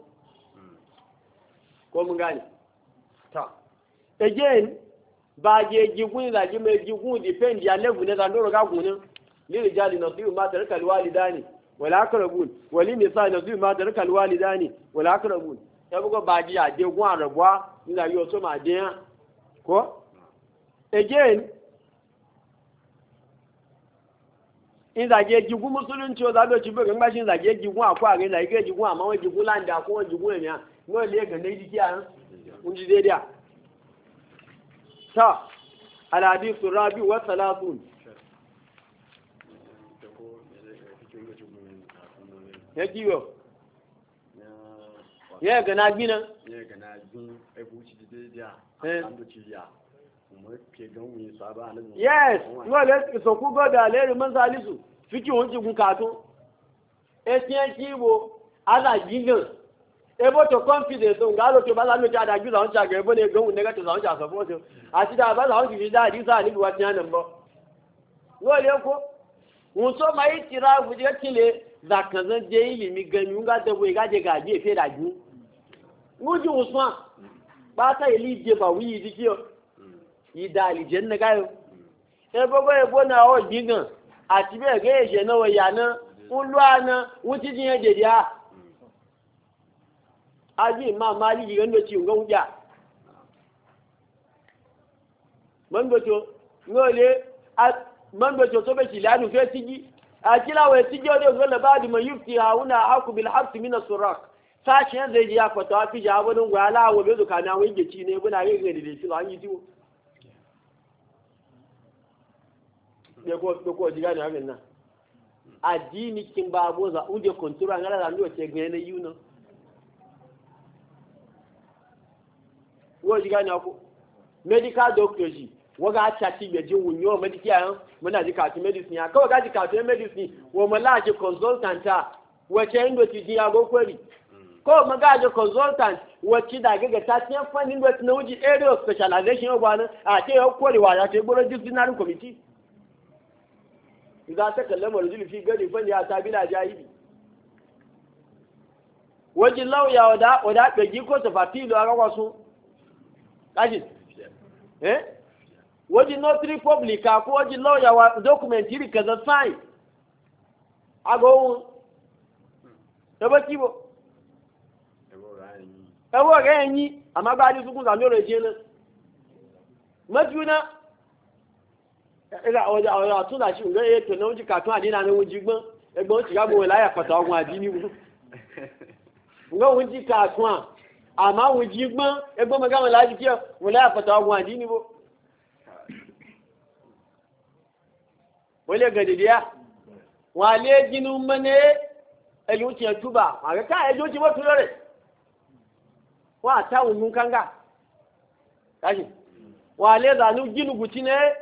kọ́ mú gánì tọ́ again baaje jigun ilaji mai jigun depend ya level ne da ndoro ga gunin lil jali nasiru ma tarka alwalidani wala akrabun wali nisa nasiru ma tarka alwalidani wala akrabun ẹgbẹ́gbọ́ bá jí àdégún àrẹ̀bọ́ nílà yóò tó máa dé hàn ko again in zage jigun musulunci o zabe ci bugun ba shin zage jigun akwa ga zage jigun amma wani jigun landa ko wani jigun ne no le ga ne diki an un ji dai ta al hadithu rabi wa salatun ya kiwo ya ga na gina ya ga na gina ai buci e dai dai an eh. do ci ya yes wọ́n lè sọ̀kú gọ́dọ̀ àlẹ́rì mọ́sálísù fíkì òun ti gun kàtó etí ẹtí wo alájí náà ebo tó confidence òun gálò tó bá lálójú adájú làwọn ti àgbẹ̀ ebó lè gbóhùn nẹ́gẹ́tì làwọn ti àsọ fún ọ̀sẹ̀ àti dáa bá a ti da dáa dísà níbi wa ti hàn nìbọ. wọ́n lè kó wọn sọ ma yìí tira àwùjọ tilẹ̀ zàkànzán jẹ́ ìlì mi gan ni wọ́n gá dẹ́gbọ́ yìí gájẹ gàdí èfé dàjú. wọ́n ju usman pátá ìlú ìjẹba wíyí dídí ọ ìdá àlìjẹ́ ní káyọ̀ ẹgbẹ́gbẹ́ egbó náà ọ̀ gbígàn àti bẹ́ẹ̀ gẹ́ ẹ̀ṣẹ̀ náà wọ̀ yà náà ń lọ àná ń ti a kila we tiji ne ɗauko ji gane abin nan addini kin ba goza unje kontura ngala da ndo ce gane yuno wo ji gane ko medical doctor ji waga chati be ji wunyo medical yan eh? muna ji ka medicine ya ga ji ka medicine wo mala ji consultant ah? ta ya go kwari ko maga ji consultant na area specialization oh, ah, ya إذا تكلم الرجل في قلب فليأتى بلا جاهل wajen lauya wada wada gaji ko tafati da wasu kaji eh wajen notary publica ko wajen lauya wa document iri kaza sign ago tabaki bo ẹwọ́ rẹ̀ ẹ̀yìn àmágbájú tukùn sàmì ọ̀rọ̀ ẹgbà ọjà ọ̀rọ̀ àtúnṣe ṣùgbọ́n èyí náà ó kàtún àdínà ní ojú gbọ́n ẹgbọ́n ó ti gbàgbọ́ láyà pàtàkì ọgbọ̀n àdín ní gbọ́n wọ́n lè mú náà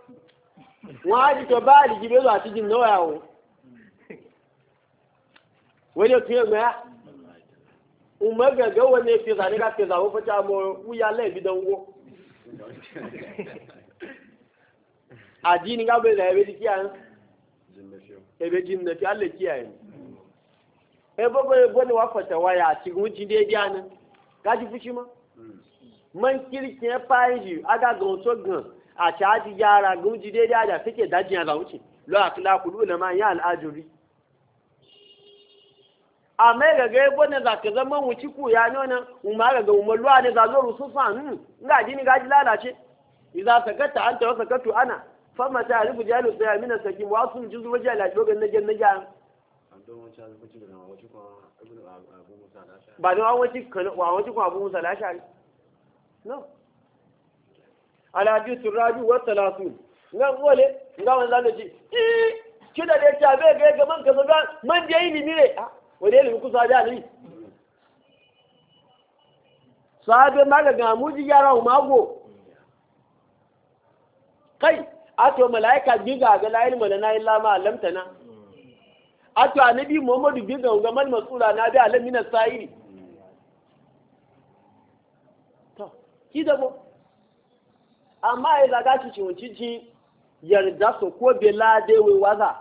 wọ́n á bá báàlì jí bẹ́ẹ̀ lọ àti jí náà o wọ́n lè tún ẹgbẹ́ ọmọ gẹ̀gẹ́ wọn lè fi sàdéka fi sàwọ́ fọ́tí àmọ́ wúyà lẹ́ẹ̀bí dánwó àjí ni kábẹ́ ìlà ẹ̀rẹ́ kí à ń ẹ̀rẹ́ nà á lè kí à ń ni fọ̀tẹ̀ wáyà àti àná kájú mọ́ ń kiri kí ẹ yìí ágàgàn tó gàn. a caji yara guji daidai da suke dajin ya zauce lo a kula kulu na ma ya al'ajuri amma ga ga yabo ne za ka zama wuci ku ya nuna umma ga ga umma luwa ne za zo rusu fa nun hmm, ga dini ga ji lalace idza sakata anta wa sakatu ana fama ta ma ta'rifu jalu a min sakin wa sun juzu waje la dogan na jan na jan ba don an wuci kan wa wuci abu musa lashari no alhaji rabi wa talatin nan wale ga wanda da ji ki da ta be ga ga man ka ga man dai ni ne a wani ilimi kusa da ni sabe maga ga muji yara mago kai ato malaika giga ga la ilma na? illa ma a ato anabi muhammadu giga ga man masula na da alamin sa'iri to mu. amma ya zaga ci ci wancici yarda su ko be lade wai waza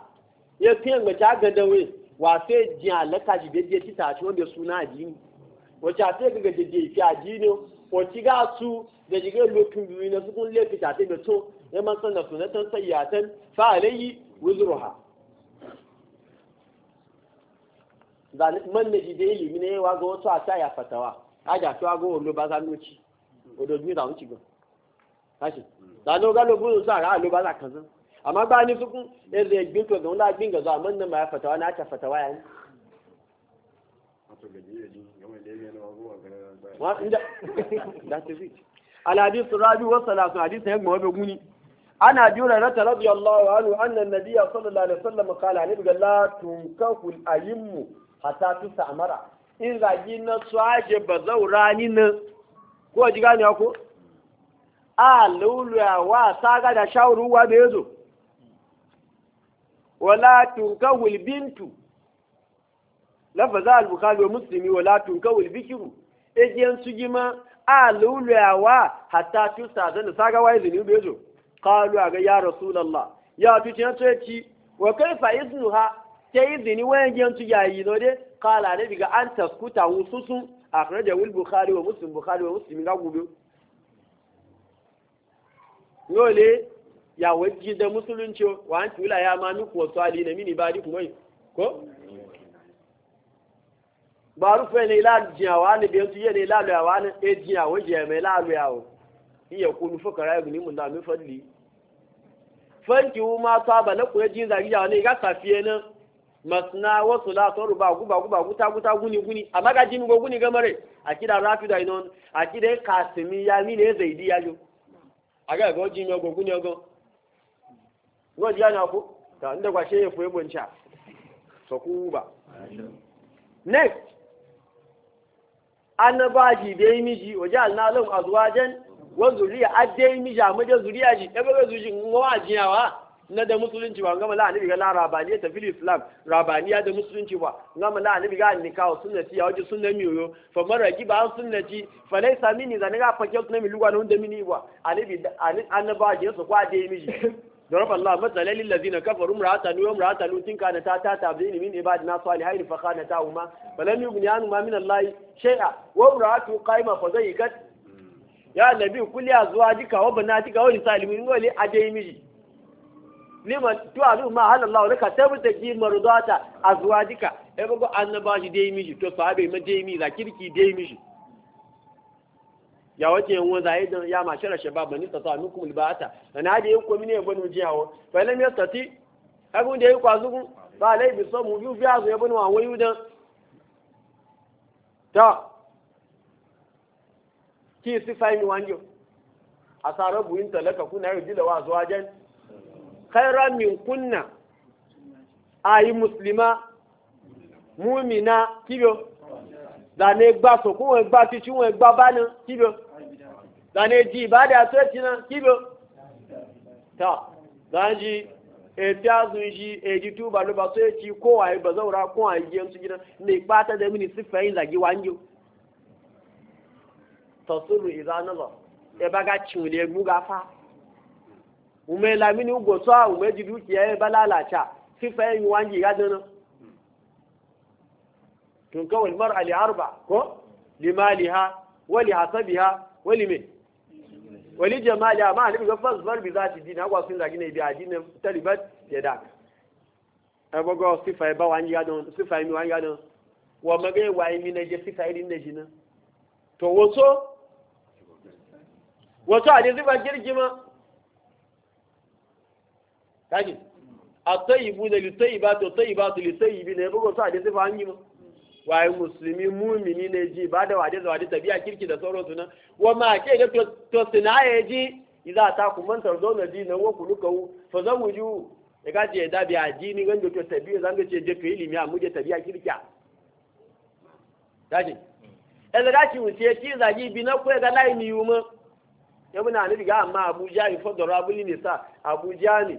ya fi yin gaci aga da wai wa sai jin alaka ji bai je ci ta ci wanda suna addini wacce a sai ga gaje fi addini wacce ga su da jigar lokacin biyu na sukun lefi ta sai da to ya man san da sunatan sayyatan fa alayhi ha man na ji jide ilimi ne wa ga wasu a sa ya fatawa a ja to a ga wani ba za nuci odobi da wuci gan kashi zano galo buzu sa ra lo ba za kan amma ba ni sukun e ze gbin to don la gbin ga za man nan ma fatawa na ta fatawa yan wa inda da ta zi alhadis rabi wa salatu hadith ne mu wabe guni ana jura rata radiyallahu anhu anna nabiyya sallallahu alaihi wasallam qala ni ga la tunkahu al-aymu hatta tusamara in zagi na swaje bazaurani na ko ji gane ko a lulluwa saga da shawruwa da yazo wala tunkawul bintu lafaza al-bukhari wa muslimi wala tunkawul bikiru ejiyan su gima a lulluwa hatta tusa da saga wai zini da yazo qalu aga ya rasulullah ya tuce ce ci wa kaifa iznuha ta izini wayan jiyan su yayi no de qala ne biga an taskuta wususun akhrajahu al-bukhari wa muslim bukhari wa muslim ga gudu yole ya waji da musulunci wa an tula ya ma nuku wasu ali na mini bari kuma ko ba rufe ne ila jiyawa ne biyan ne yene ya luyawa ne e jiyawa jiya mai ila luyawa iya kunu fakara ya guni mun da min fadli fanki wu ma ta ba na kuwa jin zagi yawa ne ga safiye nan masna wasu la toru ba guba guba guta guta guni guni amma ga jimi go guni gamare akida rafi da inon akida kasimi ya mine zaidi ya yi. agaga oji mi ogun ni ogun wọ́n di ánà ọkú tà kwa dẹ́gbà ṣe ebo ncha nchà ku ba next anaba ji de mi annabaji da yi miji waje alnalon wo zuriya ade mi ja mo de zuriya ji ebe zuriya ji awa na da musulunci ba ngama la annabi ga la rabaniya ta fil islam rabaniya da musulunci ba ngama la annabi ga nikawo sunnati ya waje sunna mi yo fa maraki ba sunnati fa laysa mini zani ga fa kyau sunna mi lugwa non da mini ba annabi annaba ji su kwa de miji ضرب الله مثلا للذين كفروا امرأة نوح امرأة لوط كانتا تاتا بين من عبادنا صالحين فخانتاهما فلم يغن عنهما من الله شيئا وامرأته قائمة فزيكت يا نبي كل ازواجك وبناتك ونساء المؤمنين ولي اجي miji. lima to alu ma halallahu laka tabta ki zuwa duka. e bago annaba shi dai miji to sahabe ma dai mi za kirki dai miji ya wace yan wanda ya dan ya ma shara shabab ni ta ta nukum albata ana da yanko mini ya ji jiyawo fa lam yastati abun da yake kwazu ba lai bi samu biyu biya su ya banu wa wayu dan ta ki sifai ni wanjo asarabu talaka kuna yudila wa jan. khairan min kunna ayi muslima mumina kibo dane gba so ko won gba titi won gba bana kibo dane ji ibada to tina kibo ta danji e tazun ji e ji tuba lo ba so ci ko wa ba zaura ko ayi jem su gina ne pata da mini sifa yin lagi wanjo tasuru idanala e baga chule mu fa. ume lamini ugo tsoa ume ji dukiya ya balalaca sifa yin wangi ga dana tun kawai mar'a li arba ko ha? wali hasabiha wali me wali jamali amma annabi ga fasbar bi zati dina kwa sun zagi ne bi adina talibat ya da abogo sifa ba wangi ga don sifa yin wangi ga don wa magai wa yin ne je sifa irin ne jina to wato wato a je sifa kaji atayibu da litayibatu tayibatu litayibi ne bugo sa da sifa hangi waye musulmi mumini ne ji ba da wade zawade tabiya kirki da sauran su wa ma ke da to sinaye ji idza ta ku man tarzo na dinin wa ku lukau fa zawuju ya kace ya dabi ajini ganda to tabiya zanga ce je kai limiya mu je tabiya kirki kaji ele da ki wuce ki zagi bi na ko ga lai ni yuma yabuna ni ga amma abuja ifodoro abuli ne sa abuja ne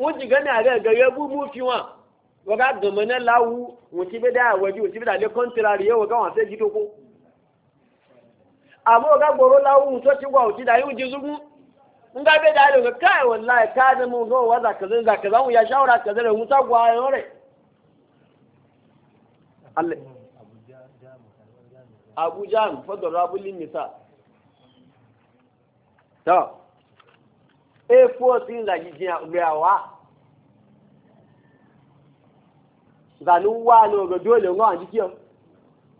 wọ́n ti gẹ́ni ààrẹ gẹ̀rẹ́ búbú fi wọn wọ́n ká dùnmọ́ wọ́n ti bẹ́ dá àwẹ̀jú wọ́n ti bẹ́ dá lé yẹ́ wọ́n wọ́n fẹ́ jí tókó àmọ́ wọ́n ká gbòòrò láwù tó ti wà òtí dá yóò di zúgún ń bẹ́ dá lè ká ẹ̀wọ̀n láì ká ní mú wọ́n wá zàkàzẹ́ zàkàzẹ́ àwọn yàtọ̀ àwọn rẹ̀ sàgbọ́ rẹ̀. abuja abúlé nìta. a14 la jijin agbayawa zanen wa na ga dole ngawa jikiyar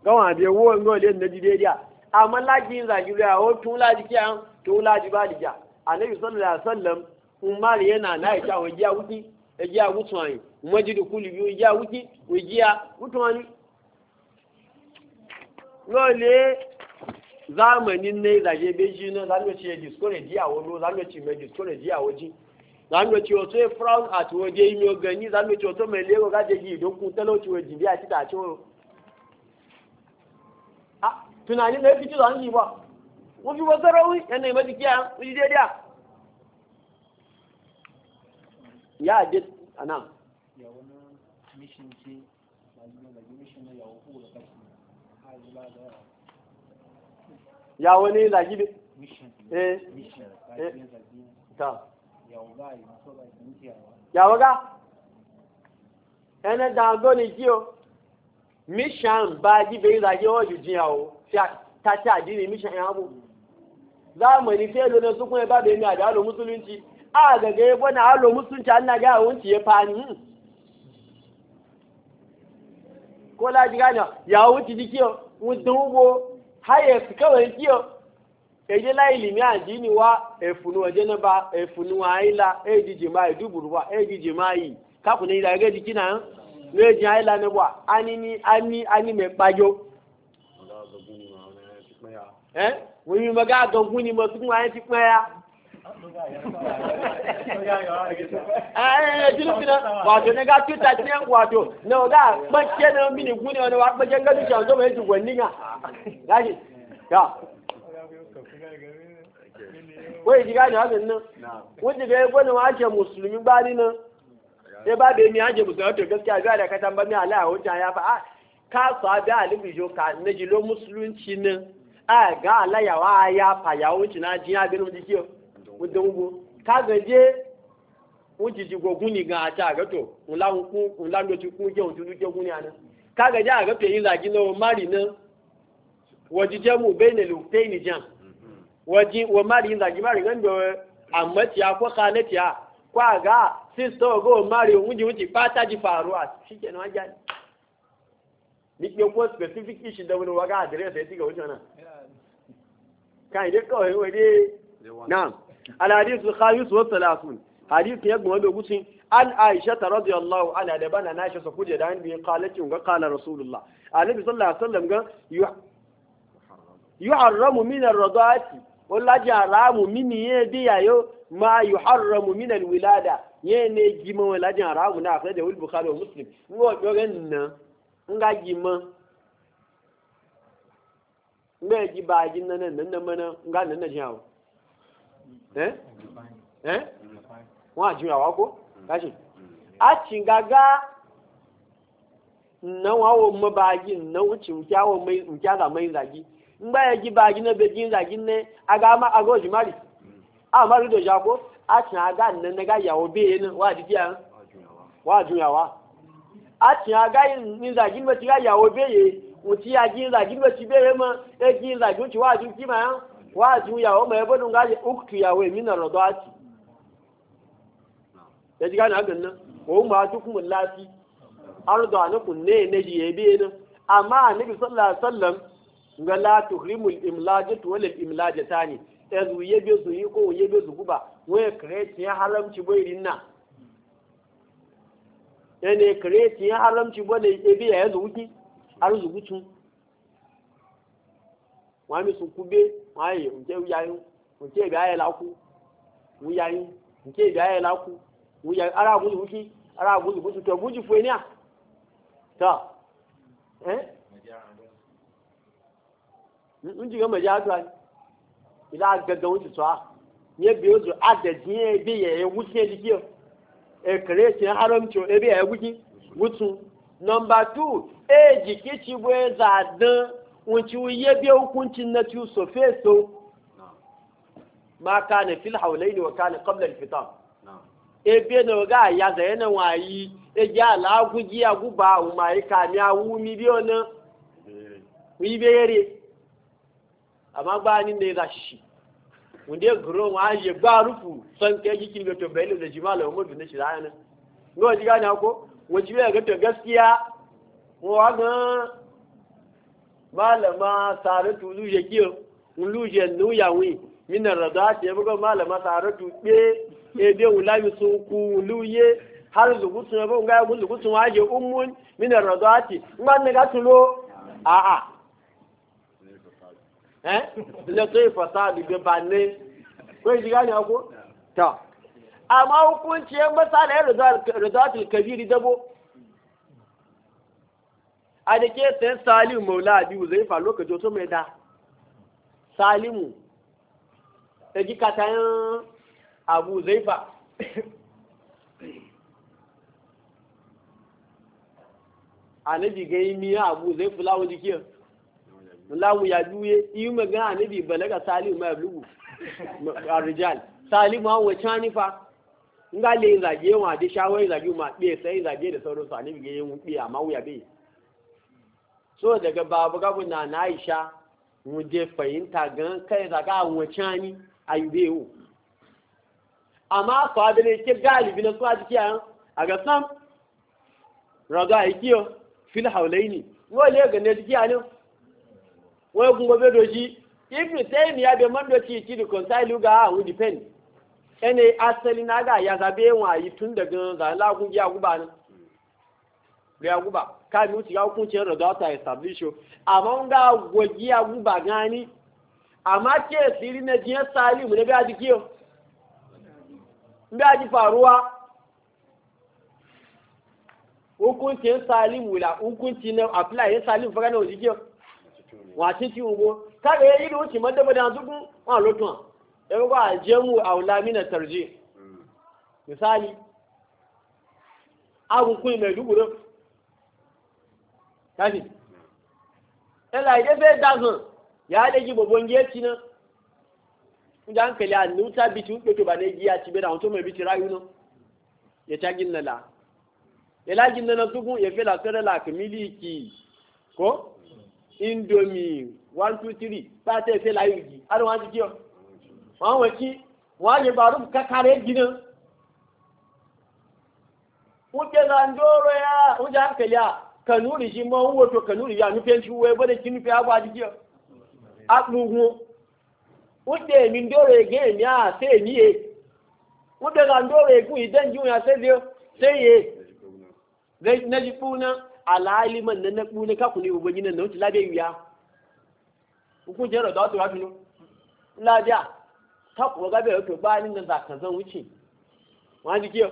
gawa da yawon ngawa da yadda jidediya amma lajin zagi rayawa tun lajikiya tun lajiba dikiya annabi sallallahu alaihi wasallam umar yana na ya kyawo giya wuki ya giya wutu wani majidu kuli biyu giya wuki ya giya wutu wani lole zamani ne zaje beji na zanoci ya discourage ya wolo zanoci mai discourage ya waji zanoci wato ya frown at waje yi mai gani zanoci wato mai lego gaje yi don kun talauci wa jibi a cita ce wuro a tunanin da ya fi ci zanen ba wọ́n fi wọ́n sọ́rọ́ wí ẹnu ìmọ̀ ti kí a ń jí dédé à. ìyá àdé àná. ìyàwó náà míṣin ṣe ya wani lagi ne eh, eh. ta ya waga ẹni dango ni ji o mission ba jíbe ìlàjẹ́ wọ́n jù jíyà o tàti àdínì mission yà bù zamani fẹ́ lónà sókún ẹ e bá bẹ̀ mi àdá lò musulunci a gẹ̀gẹ̀ e bọ́nà a lò musulunci a nà gáà oúnjẹ yẹ pa ní kó láti gánà yàwó ti di ki o ń tún wo highest kawai kiyo eje la ilimi ajini wa efunu eje e e e na ba efunu aila ejiji mai duburu wa ejiji mai kaku ne ila geji kina leji aila ne wa ani ni ani ani me pajo eh wo yi maga gogun ni mo tun wa ti ya. eh jilu na wato ne ga tuta ne wato na ga bakke na mini gune wani wa bakke ga duka zo mai jigwanni ga gashi ya wai ji gani hakan nan wanda ga yabo na wace musulmi ba ni nan sai ba da mi haje musulmi to gaskiya ga da katan ba mi ala a wuta ya fa a ka sa da alibi jo ka ne jilo musulunci nan a ga ala ya wa ya fa ya wuce na jiya bin mu dikiyo wọ́n dẹ̀ wọ́n kágẹ̀jẹ́ wọ́n àti àgẹ́tọ̀ jẹ́ òun jẹ́gún ní àná àgẹ́tọ̀ yìí làjí márì náà wọ́n ti jẹ́ mú bẹ́ẹ̀nì lò téèni jàm wọ́n márì yìí làjí márì náà ń akọ́ka lẹ́tì à àgá sísọ ọgọ́ márì òun wọ́n ti pátá الحديث الخامس والثلاثون حديث يقوم بقصي عن عائشة رضي الله عنها لبنا ناشا سكوت يدان بي قالت قال رسول الله النبي صلى الله عليه وسلم يحرم من الرضاعة ولا جرام من يدي ما يحرم من الولادة يني جيما ولا جرام نا البخاري ومسلم هو يقولنا nga gima me ji ba jin nan nan nan mana nga nan na jawo Eh? Eh? Eh? wọ́n àjúra wá kó káṣì àti gàgá nnanwa wo mọ baaji nnanwa ci nke awo mai nke ala mai zagi ngba ya ji baaji na beji zagi aga aga oji mari a mari do a ti aga nne ne ga yawo be ne wa di wa ju a ti ga yawo ya ji ti ma ti waju ya o mai banu ngaje uktu ya we min aji ya ji gane hakan ma lati ne ne ji yebe ne amma annabi sallallahu alaihi wasallam ga la tuhrimu al imlajatu wal al imlajatani ezu yebe su yi ko yebe su guba ya haramci rinna ene ya ebe ya wuki wọn mi sunkún gbé wọn ayè ǹjẹ́ wíyá yín ǹjẹ́ ìgbà ayẹ lakú wíyá yín ǹjẹ́ ìgbà ayẹ lakú wíyá yín ara àbújù wúkí ara àbújù bùtù tẹ̀ bùjù fún ẹni à tà ẹ́ ǹjì kan mẹ̀jẹ̀ àtúwà ìlà gẹ̀gẹ̀ wọ́n ti tọ́ a ní ebi oṣù àdẹ̀dín e ebi yẹ̀ ẹ̀ wúkí ẹ̀ dìkí ẹ̀ ẹ̀kẹ́rẹ́ ti haramcho ebi wútu nọmba tù éèjì kìí ti zàdán. unci wuye biya hukuncin na ciwo sofe so ma ka ne fil haulai ne wa ka ne kabla alfitar ebe na ga ya zaye na wayi eji ala aguji aguba ma yi ka ni awu mi bi ona wi bere amma gba ni ne za shi wunde guro wa ye gba rufu san ke ji kin to bele da jimala umar bin shi rayana no ji ga na ko wajibi ga to gaskiya ko ga malama saratu luje kiyo luje wi min rada ce bugo malama tu pe e be ulami su ku luye har zugu sun ba ga gun zugu sun waje ummun min rada ti ngan ne ga tulo a a eh le kai di be bane ko ji ni ako ta amma hukunci yan e masala rada rada kabiri dabo a da ke sayan salimu maula abiyu zai fa lokaci wato mai da salimu ta ji katayen abu zai fa anabi ga yi miya abu zai fi lawon jikiyar lawu ya duye yi magana anabi balaga salimu mai blugu a rijal salimu an wace hanifa nga le zage wa de shawo zage ma be sai zage da sauransu anabi ga yi mun be amma wuya be so daga babu gabu na na aisha je fahimta gan kai zaga wancan ni ayubewo amma fa da ne ke galibi na kuma a jiki a ga sam raga a ikiyo fil haulaini le ga ne jiki a ne wai kun gobe doji ibn tayyib ya be man doji ci da consilu ga a wudi pen ene asali na ga ya zabe wa yi tun daga la ku ya guba ne ya guba kafin wuce ya hukunci hukuncin rada ta establisho amma nga gwaji ya guba gani amma ke siri na jiya salimu na gaji kiyo gaji faruwa hukuncin salimu la hukuncin na apply ya salimu faga na wuce kiyo wace ci ugo kaga ya yi da wuce madaba da zukun wa lotun ya ga ajemu aula na tarji hmm. misali agun kun mai dubu kafi ela ide fe dazun ya de ji bobo nge ti na nja nkele a nuta bitu peto ba ne ji a ti da won mai me biti rayu no ye ta gina la ela gin na tugun ye fe la tere la ka miliki ko Indomi 123, ba ta ba te fe la yuji aro wa ti ki o wa won ki wa ye ba ru kakare gina Wuce zandoro ya, wuce hankali ya, kanuri shi ma huwa kanuri ya nufin shi wai bada kin nufi agwa jiki a tsuhu wuce min dore ge ni a sai ni ye wuce ga dore ku idan ji ya sai zai sai ye zai na ji funa alaliman nan na kuna ka kuni ubangi nan na wuce labe yuya hukun jero da wato wato labiya ta kuwa gabe wato bayanin da zaka zan wuce wani jikiyar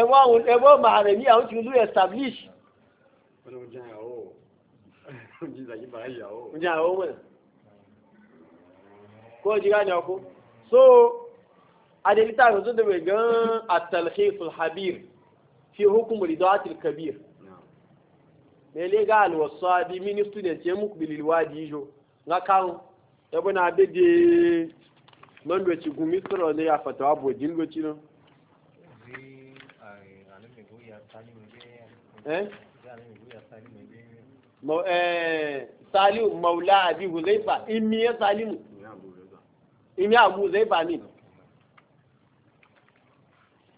ẹwọ́ àwọn ẹwọ́ màrẹ̀mí àwọn ti lú establish. wọ́n ìyàwó wọ́n ìyàwó wẹ̀ fi hukum ridọ́ atil kabir mele ga alwasu abi mini student ya muku bililwadi ijo nga kawo ebe na abede mandoci gumi tsoro ne ya fatawa bojin loci Eh? Eh, salimu maula abi huzaifa imi ya salimu imi abu huzaifa ne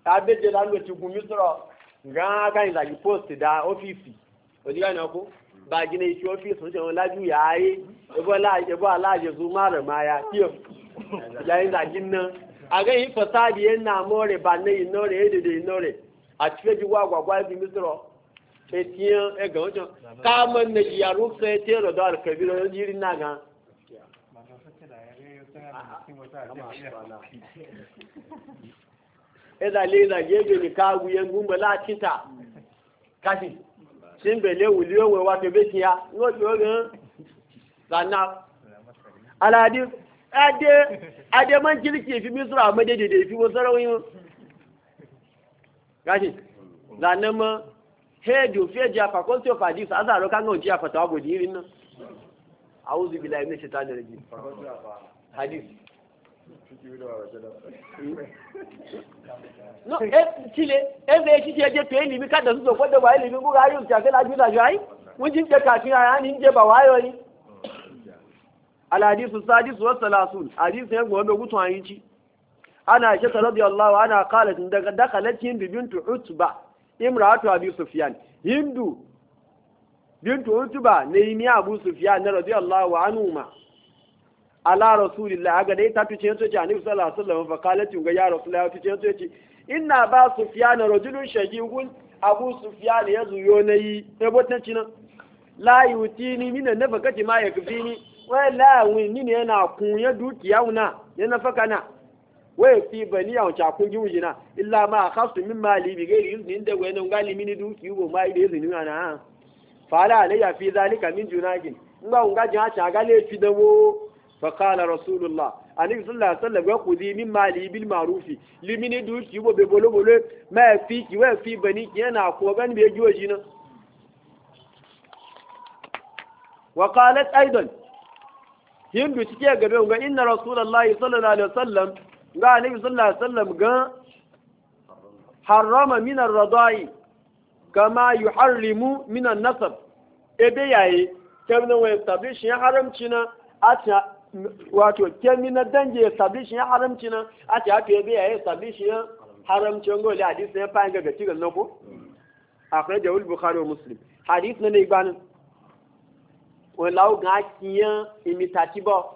ta beje langoci gumi tsoro gan gani zagi post da ofisi ojiga ne ko ba gina ishi ofisi sun shawon laju ya yi ebo alaje zuma da maya kiyo yayin zagin nan a gan yi fasadi yana more ba na inore ya inore àti fẹ́jú wá àgbàgbà ibi mísírọ̀ e ẹgàn ọjọ́ káàmọ́ nẹ̀jì yàrá fẹ́ tí ẹ̀rọ dọ́ àlùfẹ́ bí lọ́yọ́ na náà gan. na lè nà yé gbè ní káàgù yẹn gúnbẹ̀ láti tà káṣì tí ń bẹ̀lẹ̀ wùlí wa ti ya ní ó ga ó gan ala aládé adé adé máa ń jírí kì í ma mísírọ̀ àmọ́dé dèdè ìfi wọ́n sọ́rọ́ gashi zanen ma hedu fiye jafa kwanci of hadis a zaro kan gauci a fatawa gwaji irin nan a wuzu bila ibn shaitan da hadis no eh, chile eh, je pe su ko ga ju da mun jin je ba ni al ne gobe gutun ana shata radiyallahu ana qalat daga dakhalat hindu bintu utba imra'atu abi sufyan hindu bintu utba ne ni abu sufyan radiyallahu anhuma ala rasulillah aga dai ta tuce to ce annabi sallallahu alaihi wasallam fa qalat ga ya rasulullah ta tuce to ce inna ba sufyan rajulun shajiun abu sufyan yazu yonayi e botan cinan la yutini mina nafakati ma yakfini wa la wini ne yana kun ya dukiya una yana fakana waya fi bani yawon cakun yi wujina illa ma a kasu min mali bi gairi izini inda wani nan gali mini duki yugo ma yi da izini na ha fala alayya fi zalika min junagin in ba unga jin hacha ga lefi da wo fa qala rasulullah annabi sallallahu alaihi wasallam ya kudi min mali bil ma'rufi limini duki yugo be bolo bolo ma fi ki waya fi bani ki yana ko gan be jiwaji na wa qalat aidan hindu cike gabe nga inna rasulullahi sallallahu alaihi wasallam ga annabi sallallahu alaihi wasallam ga harrama min ar kama yi min minan nasab ebe yayi kemna wa establish ya haramci na a wato kemina ya establish ya haramci na a ti ake ebe yayi establish ya haramci ngo le na ya fanga ga tigal nako da al-bukhari wa muslim hadith na ne ibanin wallahu ga kiyan imitatibo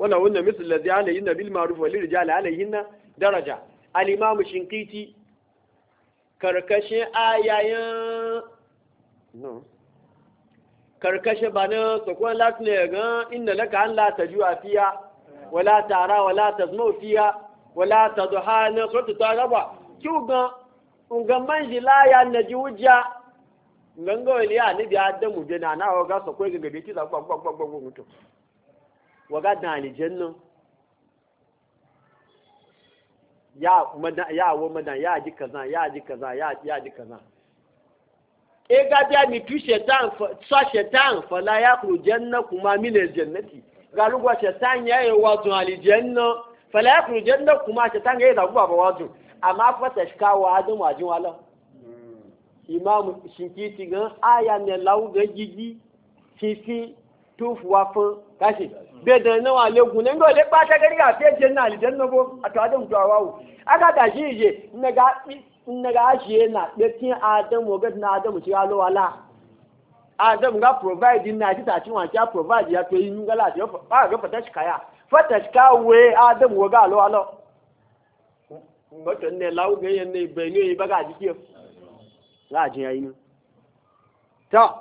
wala wanda misal ladhi alayhinna bil ma'ruf wal rijali na daraja al imam shinkiti karkashin ayayan no karkashin bana sakon latin ga inna laka an la tajua fiya wala tara wala tazmu fiya wala tadhana suratu taraba kyuga unga manji la ya ji wujja nganga wali ya ni bi adamu bi na na ga sakon ga gabe ti za gwa gwa gwa mutum waga da alijanna ya mada ya wo mada ya ji kaza ya ji kaza ya ya ji kaza e ga biya mi tu shetan sa shetan fa la ya ku janna kuma min jannati ga lugwa shetan ya yi e wa tun alijanna fa la ya ku janna kuma shetan ga yi da ba wa tun amma fa ta shika wa hadin wajin wala hmm. imam shinkiti gan aya ne lauga gigi fifi tufuwa fún tashi bai na nawa legun nan dole ba ta gari ga fiye jenna aljanna ko a to adam to awawu aka da shi je na ga na ga shi yana dakin adam wa na adam shi alo wala adam ga provide na shi ta cin wa ya provide ya to yin gala ya ba ga fata shi kaya fata shi ka we adam wa ga alo wala mutan ne lawo ga yan ne bai ne ba ga jiki la jin yayin ta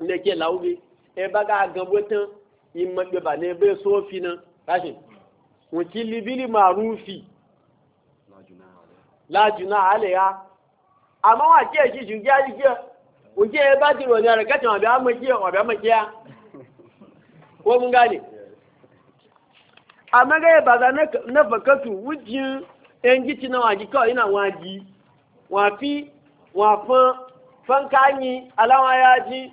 ne ke lawo ga eba ga gabotan in maɓe ba ne bai sofi nan rashin wakili bili marufi lajuna alaya amma wa ke shi shi ya ji ke wuke ya ba ti ronyar da kacin wabi amma ke wabi amma ke ya ko mun gane amma ga ba za na fakatu wujin yan gici na waji kawai ina waji wafi wafan fankanyi alawa ya ji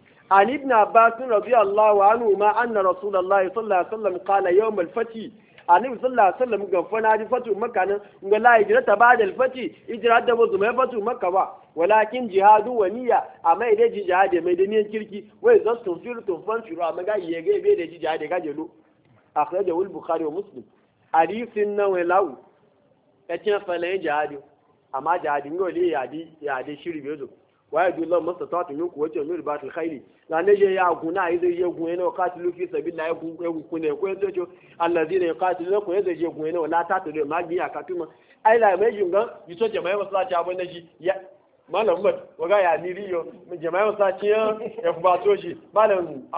عن ابن عباس رضي الله عنهما أن رسول الله صلى الله عليه وسلم قال يوم الفتح annabi sallallahu alaihi wasallam gafa na ji fatu makka nan ga la ta ba da alfati hijra da bazu mai fatu makka ba walakin jihadu wa niyya amma idan ji jihadi mai da niyan kirki wai zastun firtun fanshuru amma ga yege be da ji jihadi ga jelo da al-bukhari wa muslim hadisin nan fa la amma jihadi ngoli shiri Wa bi lọ mọsọ tọọtù yóò kú wọ́n jẹ́ olórí bá Na xayìlì náà ne yẹ ya gun náà ayé yẹ gun yẹn náà káàtì lófi sẹbi náà egun kun náà kóyè tóyè tó alazi náà káàtì zai kun yẹ yana yẹn na wọ́n láta tó lè má ma Ai la mẹ yìí nǹkan yi tó jẹmọ ẹwọ sọlá tí a bọ ya yìí yá mọlẹ mọt wọgá yà mí rí yọ jẹmọ ya sọlá tí yẹn ẹfúba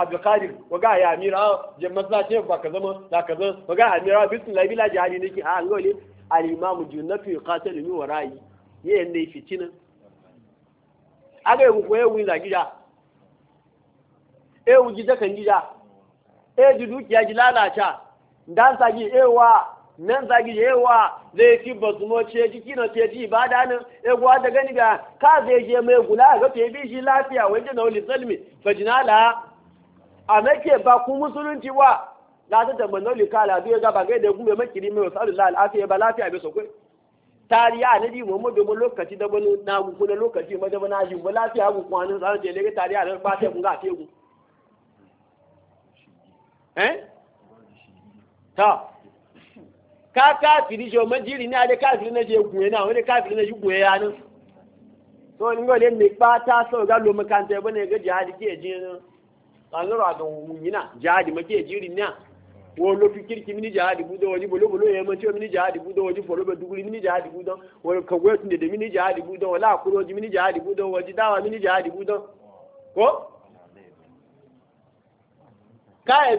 abdulkadir wọgá ya mí rà jẹmọ sọlá tí ya fà kẹsàn mọ là kẹsàn wọgá yà ya rà bisimilayi bí lajà á di ne a ń lọ ilé alimami jù nàfi kásẹ̀ lómi wọ̀rá aga egwukwa ewu ila gida ewu ji zakan gida e ji dukiya ji lalata dan sagi ewa nan zagi ewa zai fi bazumo ce ji kino ce ji e ba da nan ga ka eji je egwu gula ga ke bi e lafiya wanda na wuli salmi fajinala a nake ba musulunci wa na ta tabbana wuli kala biyu makiri mai wasu alula al'afiya ba lafiya bai sokwai tariya a nabi muhammadu ba lokaci da wani na gugu na lokaci ma da wani ajin ba lafiya gugu kwanin tsarin da ya tariya a nan ba ta a tegu eh ta ka kafiri shi o jiri ne da kafiri na je guye na wani kafiri na shi guye ya nan so ni gole ne ba ta so ga lo makanta bane ga jihadi ke jin nan lura wọ́n ló fi kíríkì mini jihadi budan wọ́n ní bolobolo yẹn mọ́ tí wọ́n mini jihadi budan wọ́n ní fọlọ́bẹ duguri mini jihadi budan wọ́n kọ̀wé tún mini jihadi budan wọ́n láàkúrò ọjì mini jihadi budan wọ́n ti dáwà mini jihadi budan kó. ká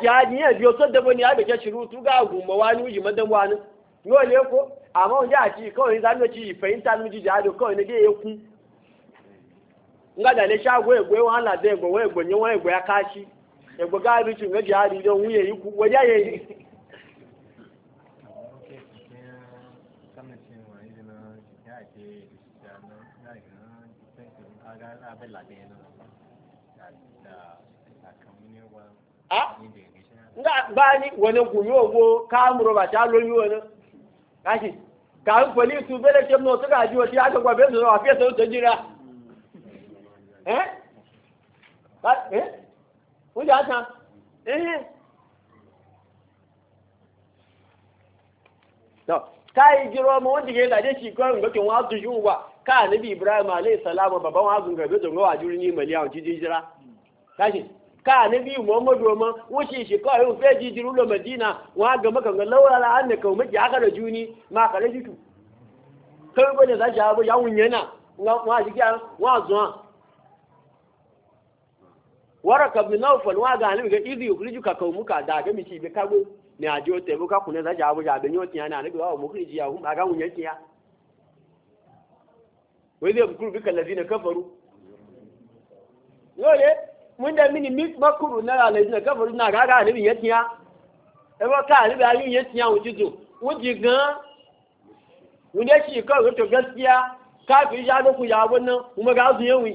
jihadi yẹn o tó dẹ́gbọ́ ni àgbẹ̀kẹ́ ṣùrù tún gáàgùn mọ́ wá ní òjì mọ́dẹ́gbọ́ àánú yóò lé kó àmọ́ òun jẹ́ àti ìkọ́rin sánúchì ìfẹ̀yìntà ní jihadi ya ẹgbẹ́ gáàbí tún méjì àárín ilé òun yẹ̀yí kú wọ́n yáyẹ̀ yìí. báyìí wani gùnmí ògbó wọ́n jẹ́ àtàn ẹ̀hìn. tọ́ káyì jírọ́ ọmọ wọ́n dìgẹ́ ìdàjẹ́ sí ikọ́ ìgbókè wọn á ibrahim alayhi salam bàbá wọn á gùn gàdó tó ń wà dúró ní ìmọ̀lẹ́ àwọn jíjí jíra káṣí káà níbi muhammadu ọmọ wọn la waraka bin naufal wa ga halin ga idi yukhriju ka muka da ga miki be kago ne aje o bu ka kuneza ja abuja be nyoti yana ne ga mu khriji ya hu aga mun yake ya wai zai bukuru bika lazina kafaru yole mun da mini mi makuru na lazina kafaru na ga ga halin yake ya e ba ka halin ya yin yake ya wujizo wuji gan da shi ka to gaskiya ja ya ku ya wannan kuma ga su yawi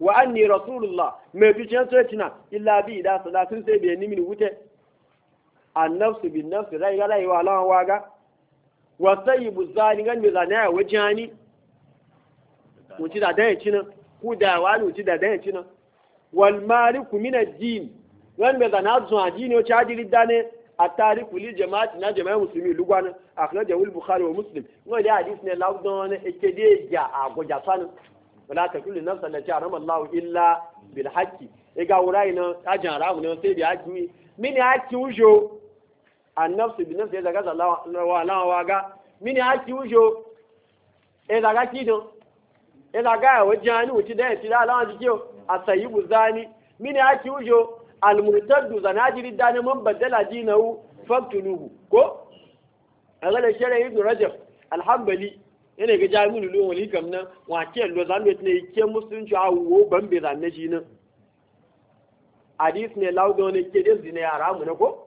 wa anni rasulullah me bi jan bicin tsoyatina illa bi da tun sai bai ni min wute an nafsu bin nafsi rai rai wa lawan waga wa sayyibu zani gan me zani ya wajen hani da dan yaci nan ku da wani wuci da dan yaci wal maliku min ad-din gan me zani azu adini o chaji ridane atariku li jama'at na jama'a muslimi lugwana akhna jawul bukhari wa muslim ngoli hadith ne lockdown lawdon ekedija e agoja sanin wala ta kullu nafsan la harama Allah illa bil haqqi e ga wurai na ajin haramu ne sai bi haji mini haji ujo an nafsu bi nafsi da e gaza Allah wa la wa ga mini haji ujo e, e da ga kido e da ga wajen ani wuci da ti da Allah jike asayibu zani mini haji ujo al murtaddu zanajiri da ne man badala dinahu faktuluhu ko a ga da shari'a ibn rajab al hanbali ina ga jami'in lulu wani kam nan ke lo zamu tne ke musulunci a wo ban be zanne shi nan hadis ne laudo ne ke des dine haramu ne ko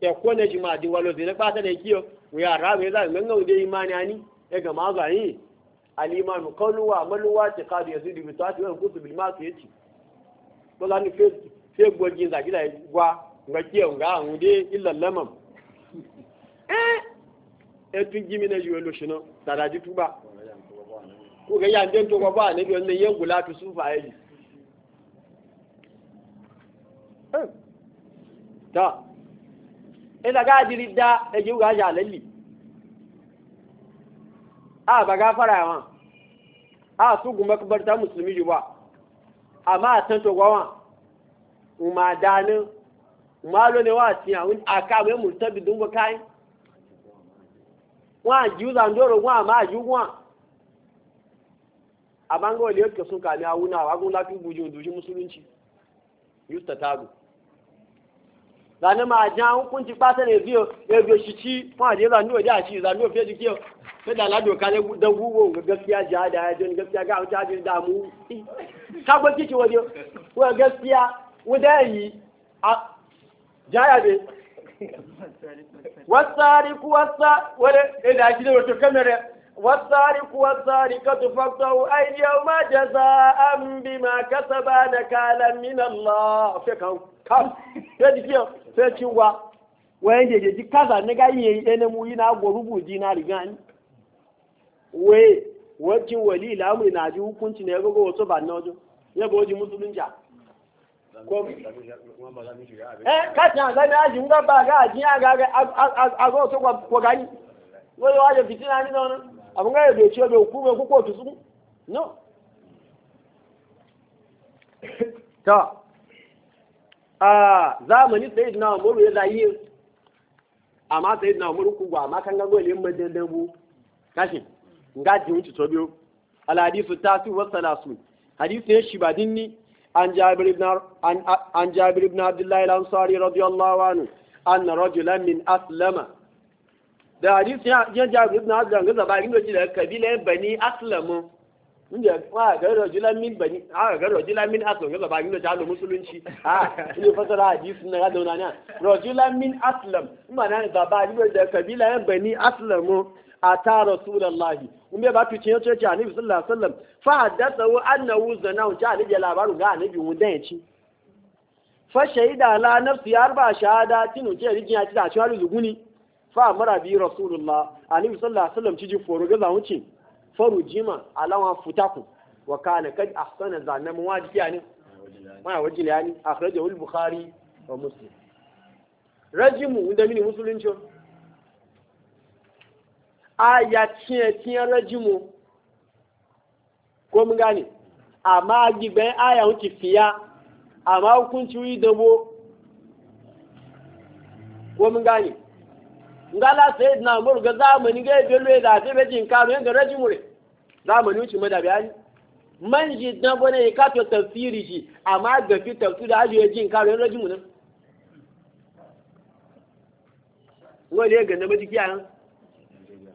e ko ne jima di walo dine ba ta ne kiyo we be za ngan ngau de imani ani e ga ma ga yi al iman qawlu wa amalu wa taqad yazid bi taati wa kutu bil ma ta yati to lan fe fe gbo gbojin za gida e gwa ngakiyo nga hunde illa lamam eh etun gimi na yiwe loshina tadaji tuba ko ga yan den to ko ba ne biyon ne yen gula tu sufa yaji eh. ta ila e ga diri da e ji ga ja lalli a ba ga fara ma a su gumba kabarta musulmi ju ba amma tan to gwa ma danin ma lo ne wa tiya un aka mai murtabi dun ba kai wọn àjíwú za wọn àmà àjíwú wọn àbáńgọ́ ilé òkè sún kàmí awúná àwágún láti gbùjú òdòjú mùsùlùmí yóò tẹ̀tàgù Musulunci ma jan hukun ti pasa ne biyo ya biyo shi ci je zan do da shi zan fiye jike sai da kale ga gaskiya ya ga da mu ka a Wasariku kuwa sa wale ina gidan wato kamera wasari kuwa sari an bi ma kasa ba da kalan min Allah fe kawo kawo fe ji fiye fe ci wa wayan da ji kasa na ga yi ɗan mu yi na gwarugu ji na riga ni wai wajen wali lamuri na ji hukunci na ya gogo wasu ba na wajen ya ga wajen musulunci Eh, a káàkiri àgbàmì àjì ń gbàgbà àgáàjì a agọ́ tó pọ̀gá ní wọ́n gani wáyé fìtí náà nínú ọ̀nà àbúgbà èdè tí ọbẹ̀ òkú mẹ́ púpọ̀ tó súnmù náà tọ́ zamani sayid na umaru ya zayi amma sayid na umaru kugwa amma kan gago ne madan dabu kashin ngajin wuce to biyo ta tasu wasu talasu hadisu ya shi ba dinni عن جابر بن عن جابر بن عبد الله الأنصاري رضي الله عنه أن رجلا من da hadisi ya jabir ibn Abdullah ga zaba inda shi daga kabilan Bani Aslamu ga min bani a ga rajulan min aslam ga jalo musulunci fasara hadisi na da min aslam mana Bani Aslamu ata rasulullahi mun bai ba tuce yace ce annabi sallallahu alaihi wasallam fa haddathahu annahu zana wa jali ya labaru ga annabi mun dan yace fa shahida la nafsi arba shahada tinu ce rijin ya ci da shawari zuguni fa amara bi rasulullah annabi sallallahu alaihi wasallam ci ji foro ga zamu ci faru jima alawa futaku wa kana kad ahsana zanna mu waji yani ma waji yani akhrajahu al-bukhari wa muslim rajimu da mini musulunci aya tiɲɛ tiɲɛ la jimo ko mun gane amma gibe aya wuce fiya amma hukunci wi dabo ko mun gane ngala sai na mur ga zamani ga bello da ta be jin karo ga rajimu mure zamani wuce ma da bayani man ji dan ne ka to tafsiri ji amma ga fi tafsiri aje jin karo raji mure ngole ga na ba dikiya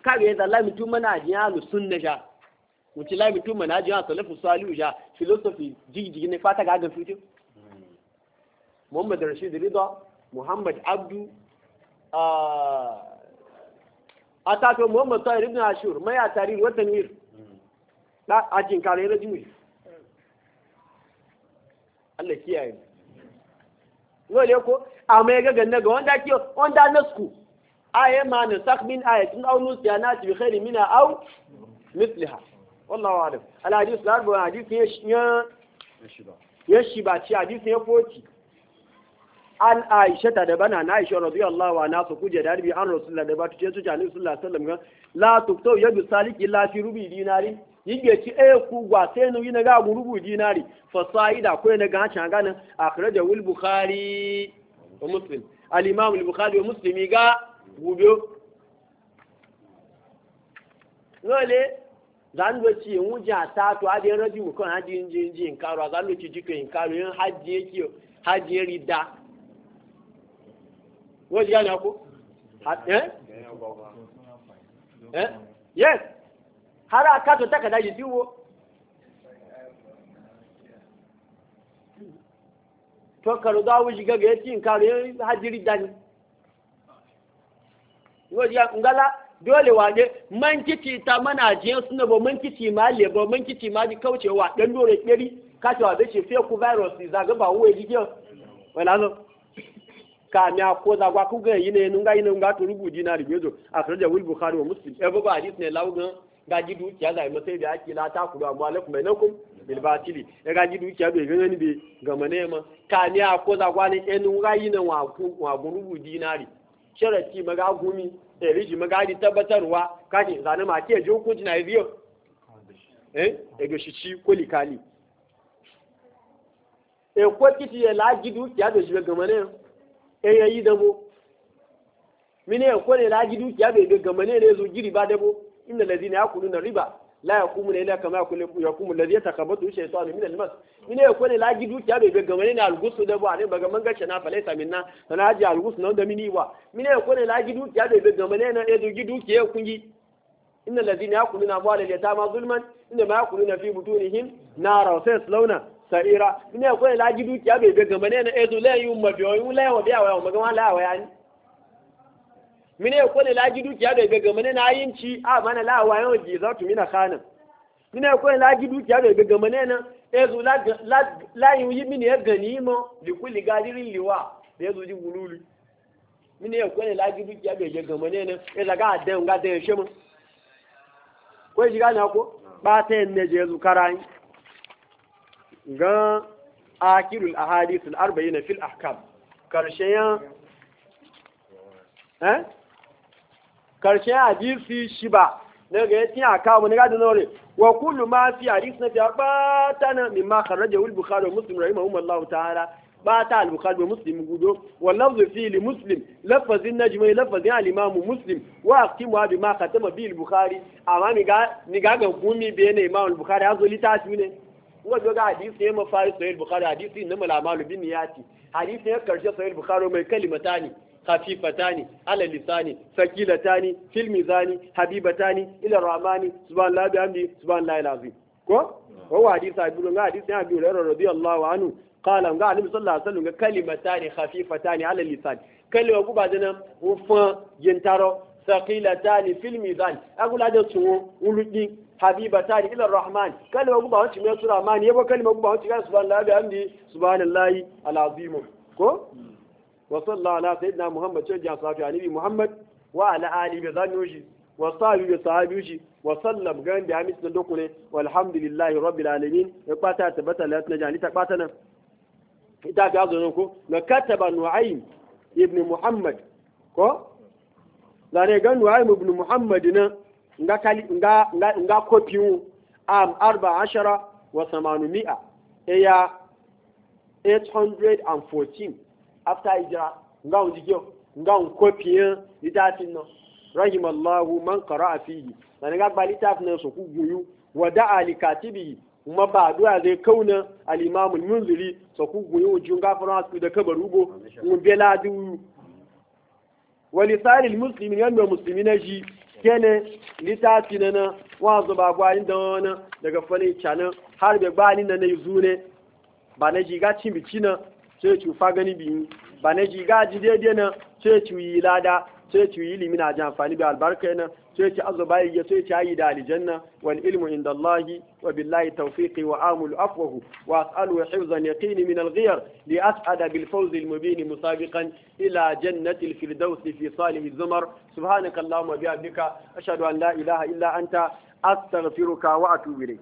Kawai da lami tu mana jiya lu sunna ja mu ci lami tu mana jiya salafu salihu ja filosofi jigijigi ne fata ga ga ce Muhammad Rashid Rida Muhammad Abdu a ah, tafi Muhammad Tahir ibn Ashur mai a tarihi watan wir da ajin kare na jimi Allah kiyaye mu ko a ya ga na ga wanda kiyo wanda na school aya ma ne sakmin aya tun aunu ya na ci bi khairi mina au misliha wallahu alim al hadith la ba hadith ya ya shi ba ci hadith ya foci an aisha ta da bana na aisha radiyallahu anha kuje da bi an rasulullah da ba tuce su jani sallallahu yadu rubi dinari yige ci e ku gwa sai no yina ga dinari fa saida ko ne ga can ganin akhrajahu al bukhari wa muslim al imam al bukhari wa muslim ga wubio ngole zanwe ci wuji atatu adi raji wukan haji nji nji nkaro zanwe ci jike nkaro yin haji yake haji rida woji ya ko eh eh yes hara to takada yi diwo to karo karuga wuji gaga yake nkaro yin haji rida ni ya ngala dole waje man kici ta mana jiyan suna ba man kici ma lebo man kici ma ji kaucewa dan dole kiri kace wa dace fe ku virus za ga ba wuwe ji kiyo wala no ka nya ko za gwa ku ga yine nun ga yine nga to rubu dina ribe zo akhraja wal bukhari wa muslim e ba hadith ne lawgan ga ji dukiya ga mai sai da yake la ta ku amma lakum bainakum bil batili e ga ji dukiya bai ga ni be ga mane ma ka nya ko za gwa ne en nga yine wa ku wa rubu dinari sharati magagumi da riji maga tabbatarwa kaje zane ma ke jo kunji na biyo eh ego shichi koli kali e ko kiti ya laji dukiya da shi ga mane e yayi dabo mine ko ne laji dukiya bai ga mane ne zo giri ba dabo inna lazina yakuluna riba la yaqumu illa kama yaqumu alladhi yatakhabatu shaytanu min al-mas ina yako ne laji dukiya bai bai gamane na algusu da ba ne ba gaman gace na falaita minna sana haji algusu na da mini ba ina yako ne laji dukiya bai bai gamane na ya dugi dukiya kungi inna alladhina yaquluna amwala al-yatama zulman inna ma yaquluna fi butunihim nara sayaslawna sa'ira ina yako ne laji dukiya bai bai na mine ya le laji dukiya da ga mane na yin ci a mana la wa yau ji za tu mina khana mine ko le laji dukiya da e ga mane na ezu la la yi mine ya gani mo li kulli gadirin liwa da yazo ji gululi mine ko le laji dukiya da ga mane na e daga dan ga dan shi mo ko ji gana ko ba ta ne je zu karai ga akirul ahadith al arba'in fil ahkam karshen ya? eh karshen hadisi shi ba daga ya tiya wani mu ga dinore wa kullu ma fi hadisi na biya ba ta na mimma kharaja wul bukhari wa muslim Allah ta'ala ba ta al bukhari wa muslim gudo wa lafzu fi li muslim lafazin najmi lafazin al imam muslim wa aqimu bi ma khatama bi al bukhari amma ni ga ni ga ga gumi be ne imam al bukhari azo litafi ne wa do ga hadisi ne mafari sahih bukhari hadisi ne malamal bin niyati hadisi ne karshe sahih bukhari mai kalimatani خفيفتان على اللسان ثقيلتان في الميزان حبيبتان الى الرحمن سبحان الله بحمده سبحان الله العظيم ko هو حديث ابو لون حديث ابي هريره رضي الله عنه قال ga annabi sallallahu alaihi wasallam kalimatani khafifatani ala lisan kalima guba dana wufan yintaro saqilatani fil mizan agula da tuwo uludi habibatani ila rahman kalima guba wanci mai sura mani yabo kalima guba wanci ga subhanallahi bihamdi subhanallahi alazim ko wa sallallahu ala sayyidina muhammad ce ja safi anabi muhammad wa ala ali bi zannuji wa sahabi bi sahabiuji wa sallam gan da amis na dokune walhamdulillahi rabbil alamin ya kwata tabbata la tana jani ta kwata nan ita ga zo ko na kataba nu'aym ibn muhammad ko da ne gan nu'aym ibn muhammad na nga kali nga nga nga kopiu am 14 wa eya 814 after hijira nga un jikyo nga un kopiyan litafin no rahimallahu man qara'a fihi dan ga ba litafin nan so ku guyu wa da'a li katibi kuma ba addu'a zai kauna al-imam al-munziri so ku guyu nga fara su da kabarugo mun bela du wa lisan al-muslimin yanda muslimina ji kene litafi na na zo ba gwa inda na daga fane canan har bai gbanin na na yi ne ba na jiga cin bici na sai ci fa gani biyu ba na ji gaji daidai nan yi lada sai ci yi limina ji amfani da albarka nan sai ci azuba ya sai ci ayi da aljanna wal ilmu inda Allahi wa billahi tawfiqi wa amul afwahu wa as'alu wa hifzan yaqini min al li as'ada bil fawz al mubin musabiqan ila jannati al firdaus fi salih zumar subhanaka allahumma bihamdika ashhadu an la ilaha illa anta astaghfiruka wa atubu ilayk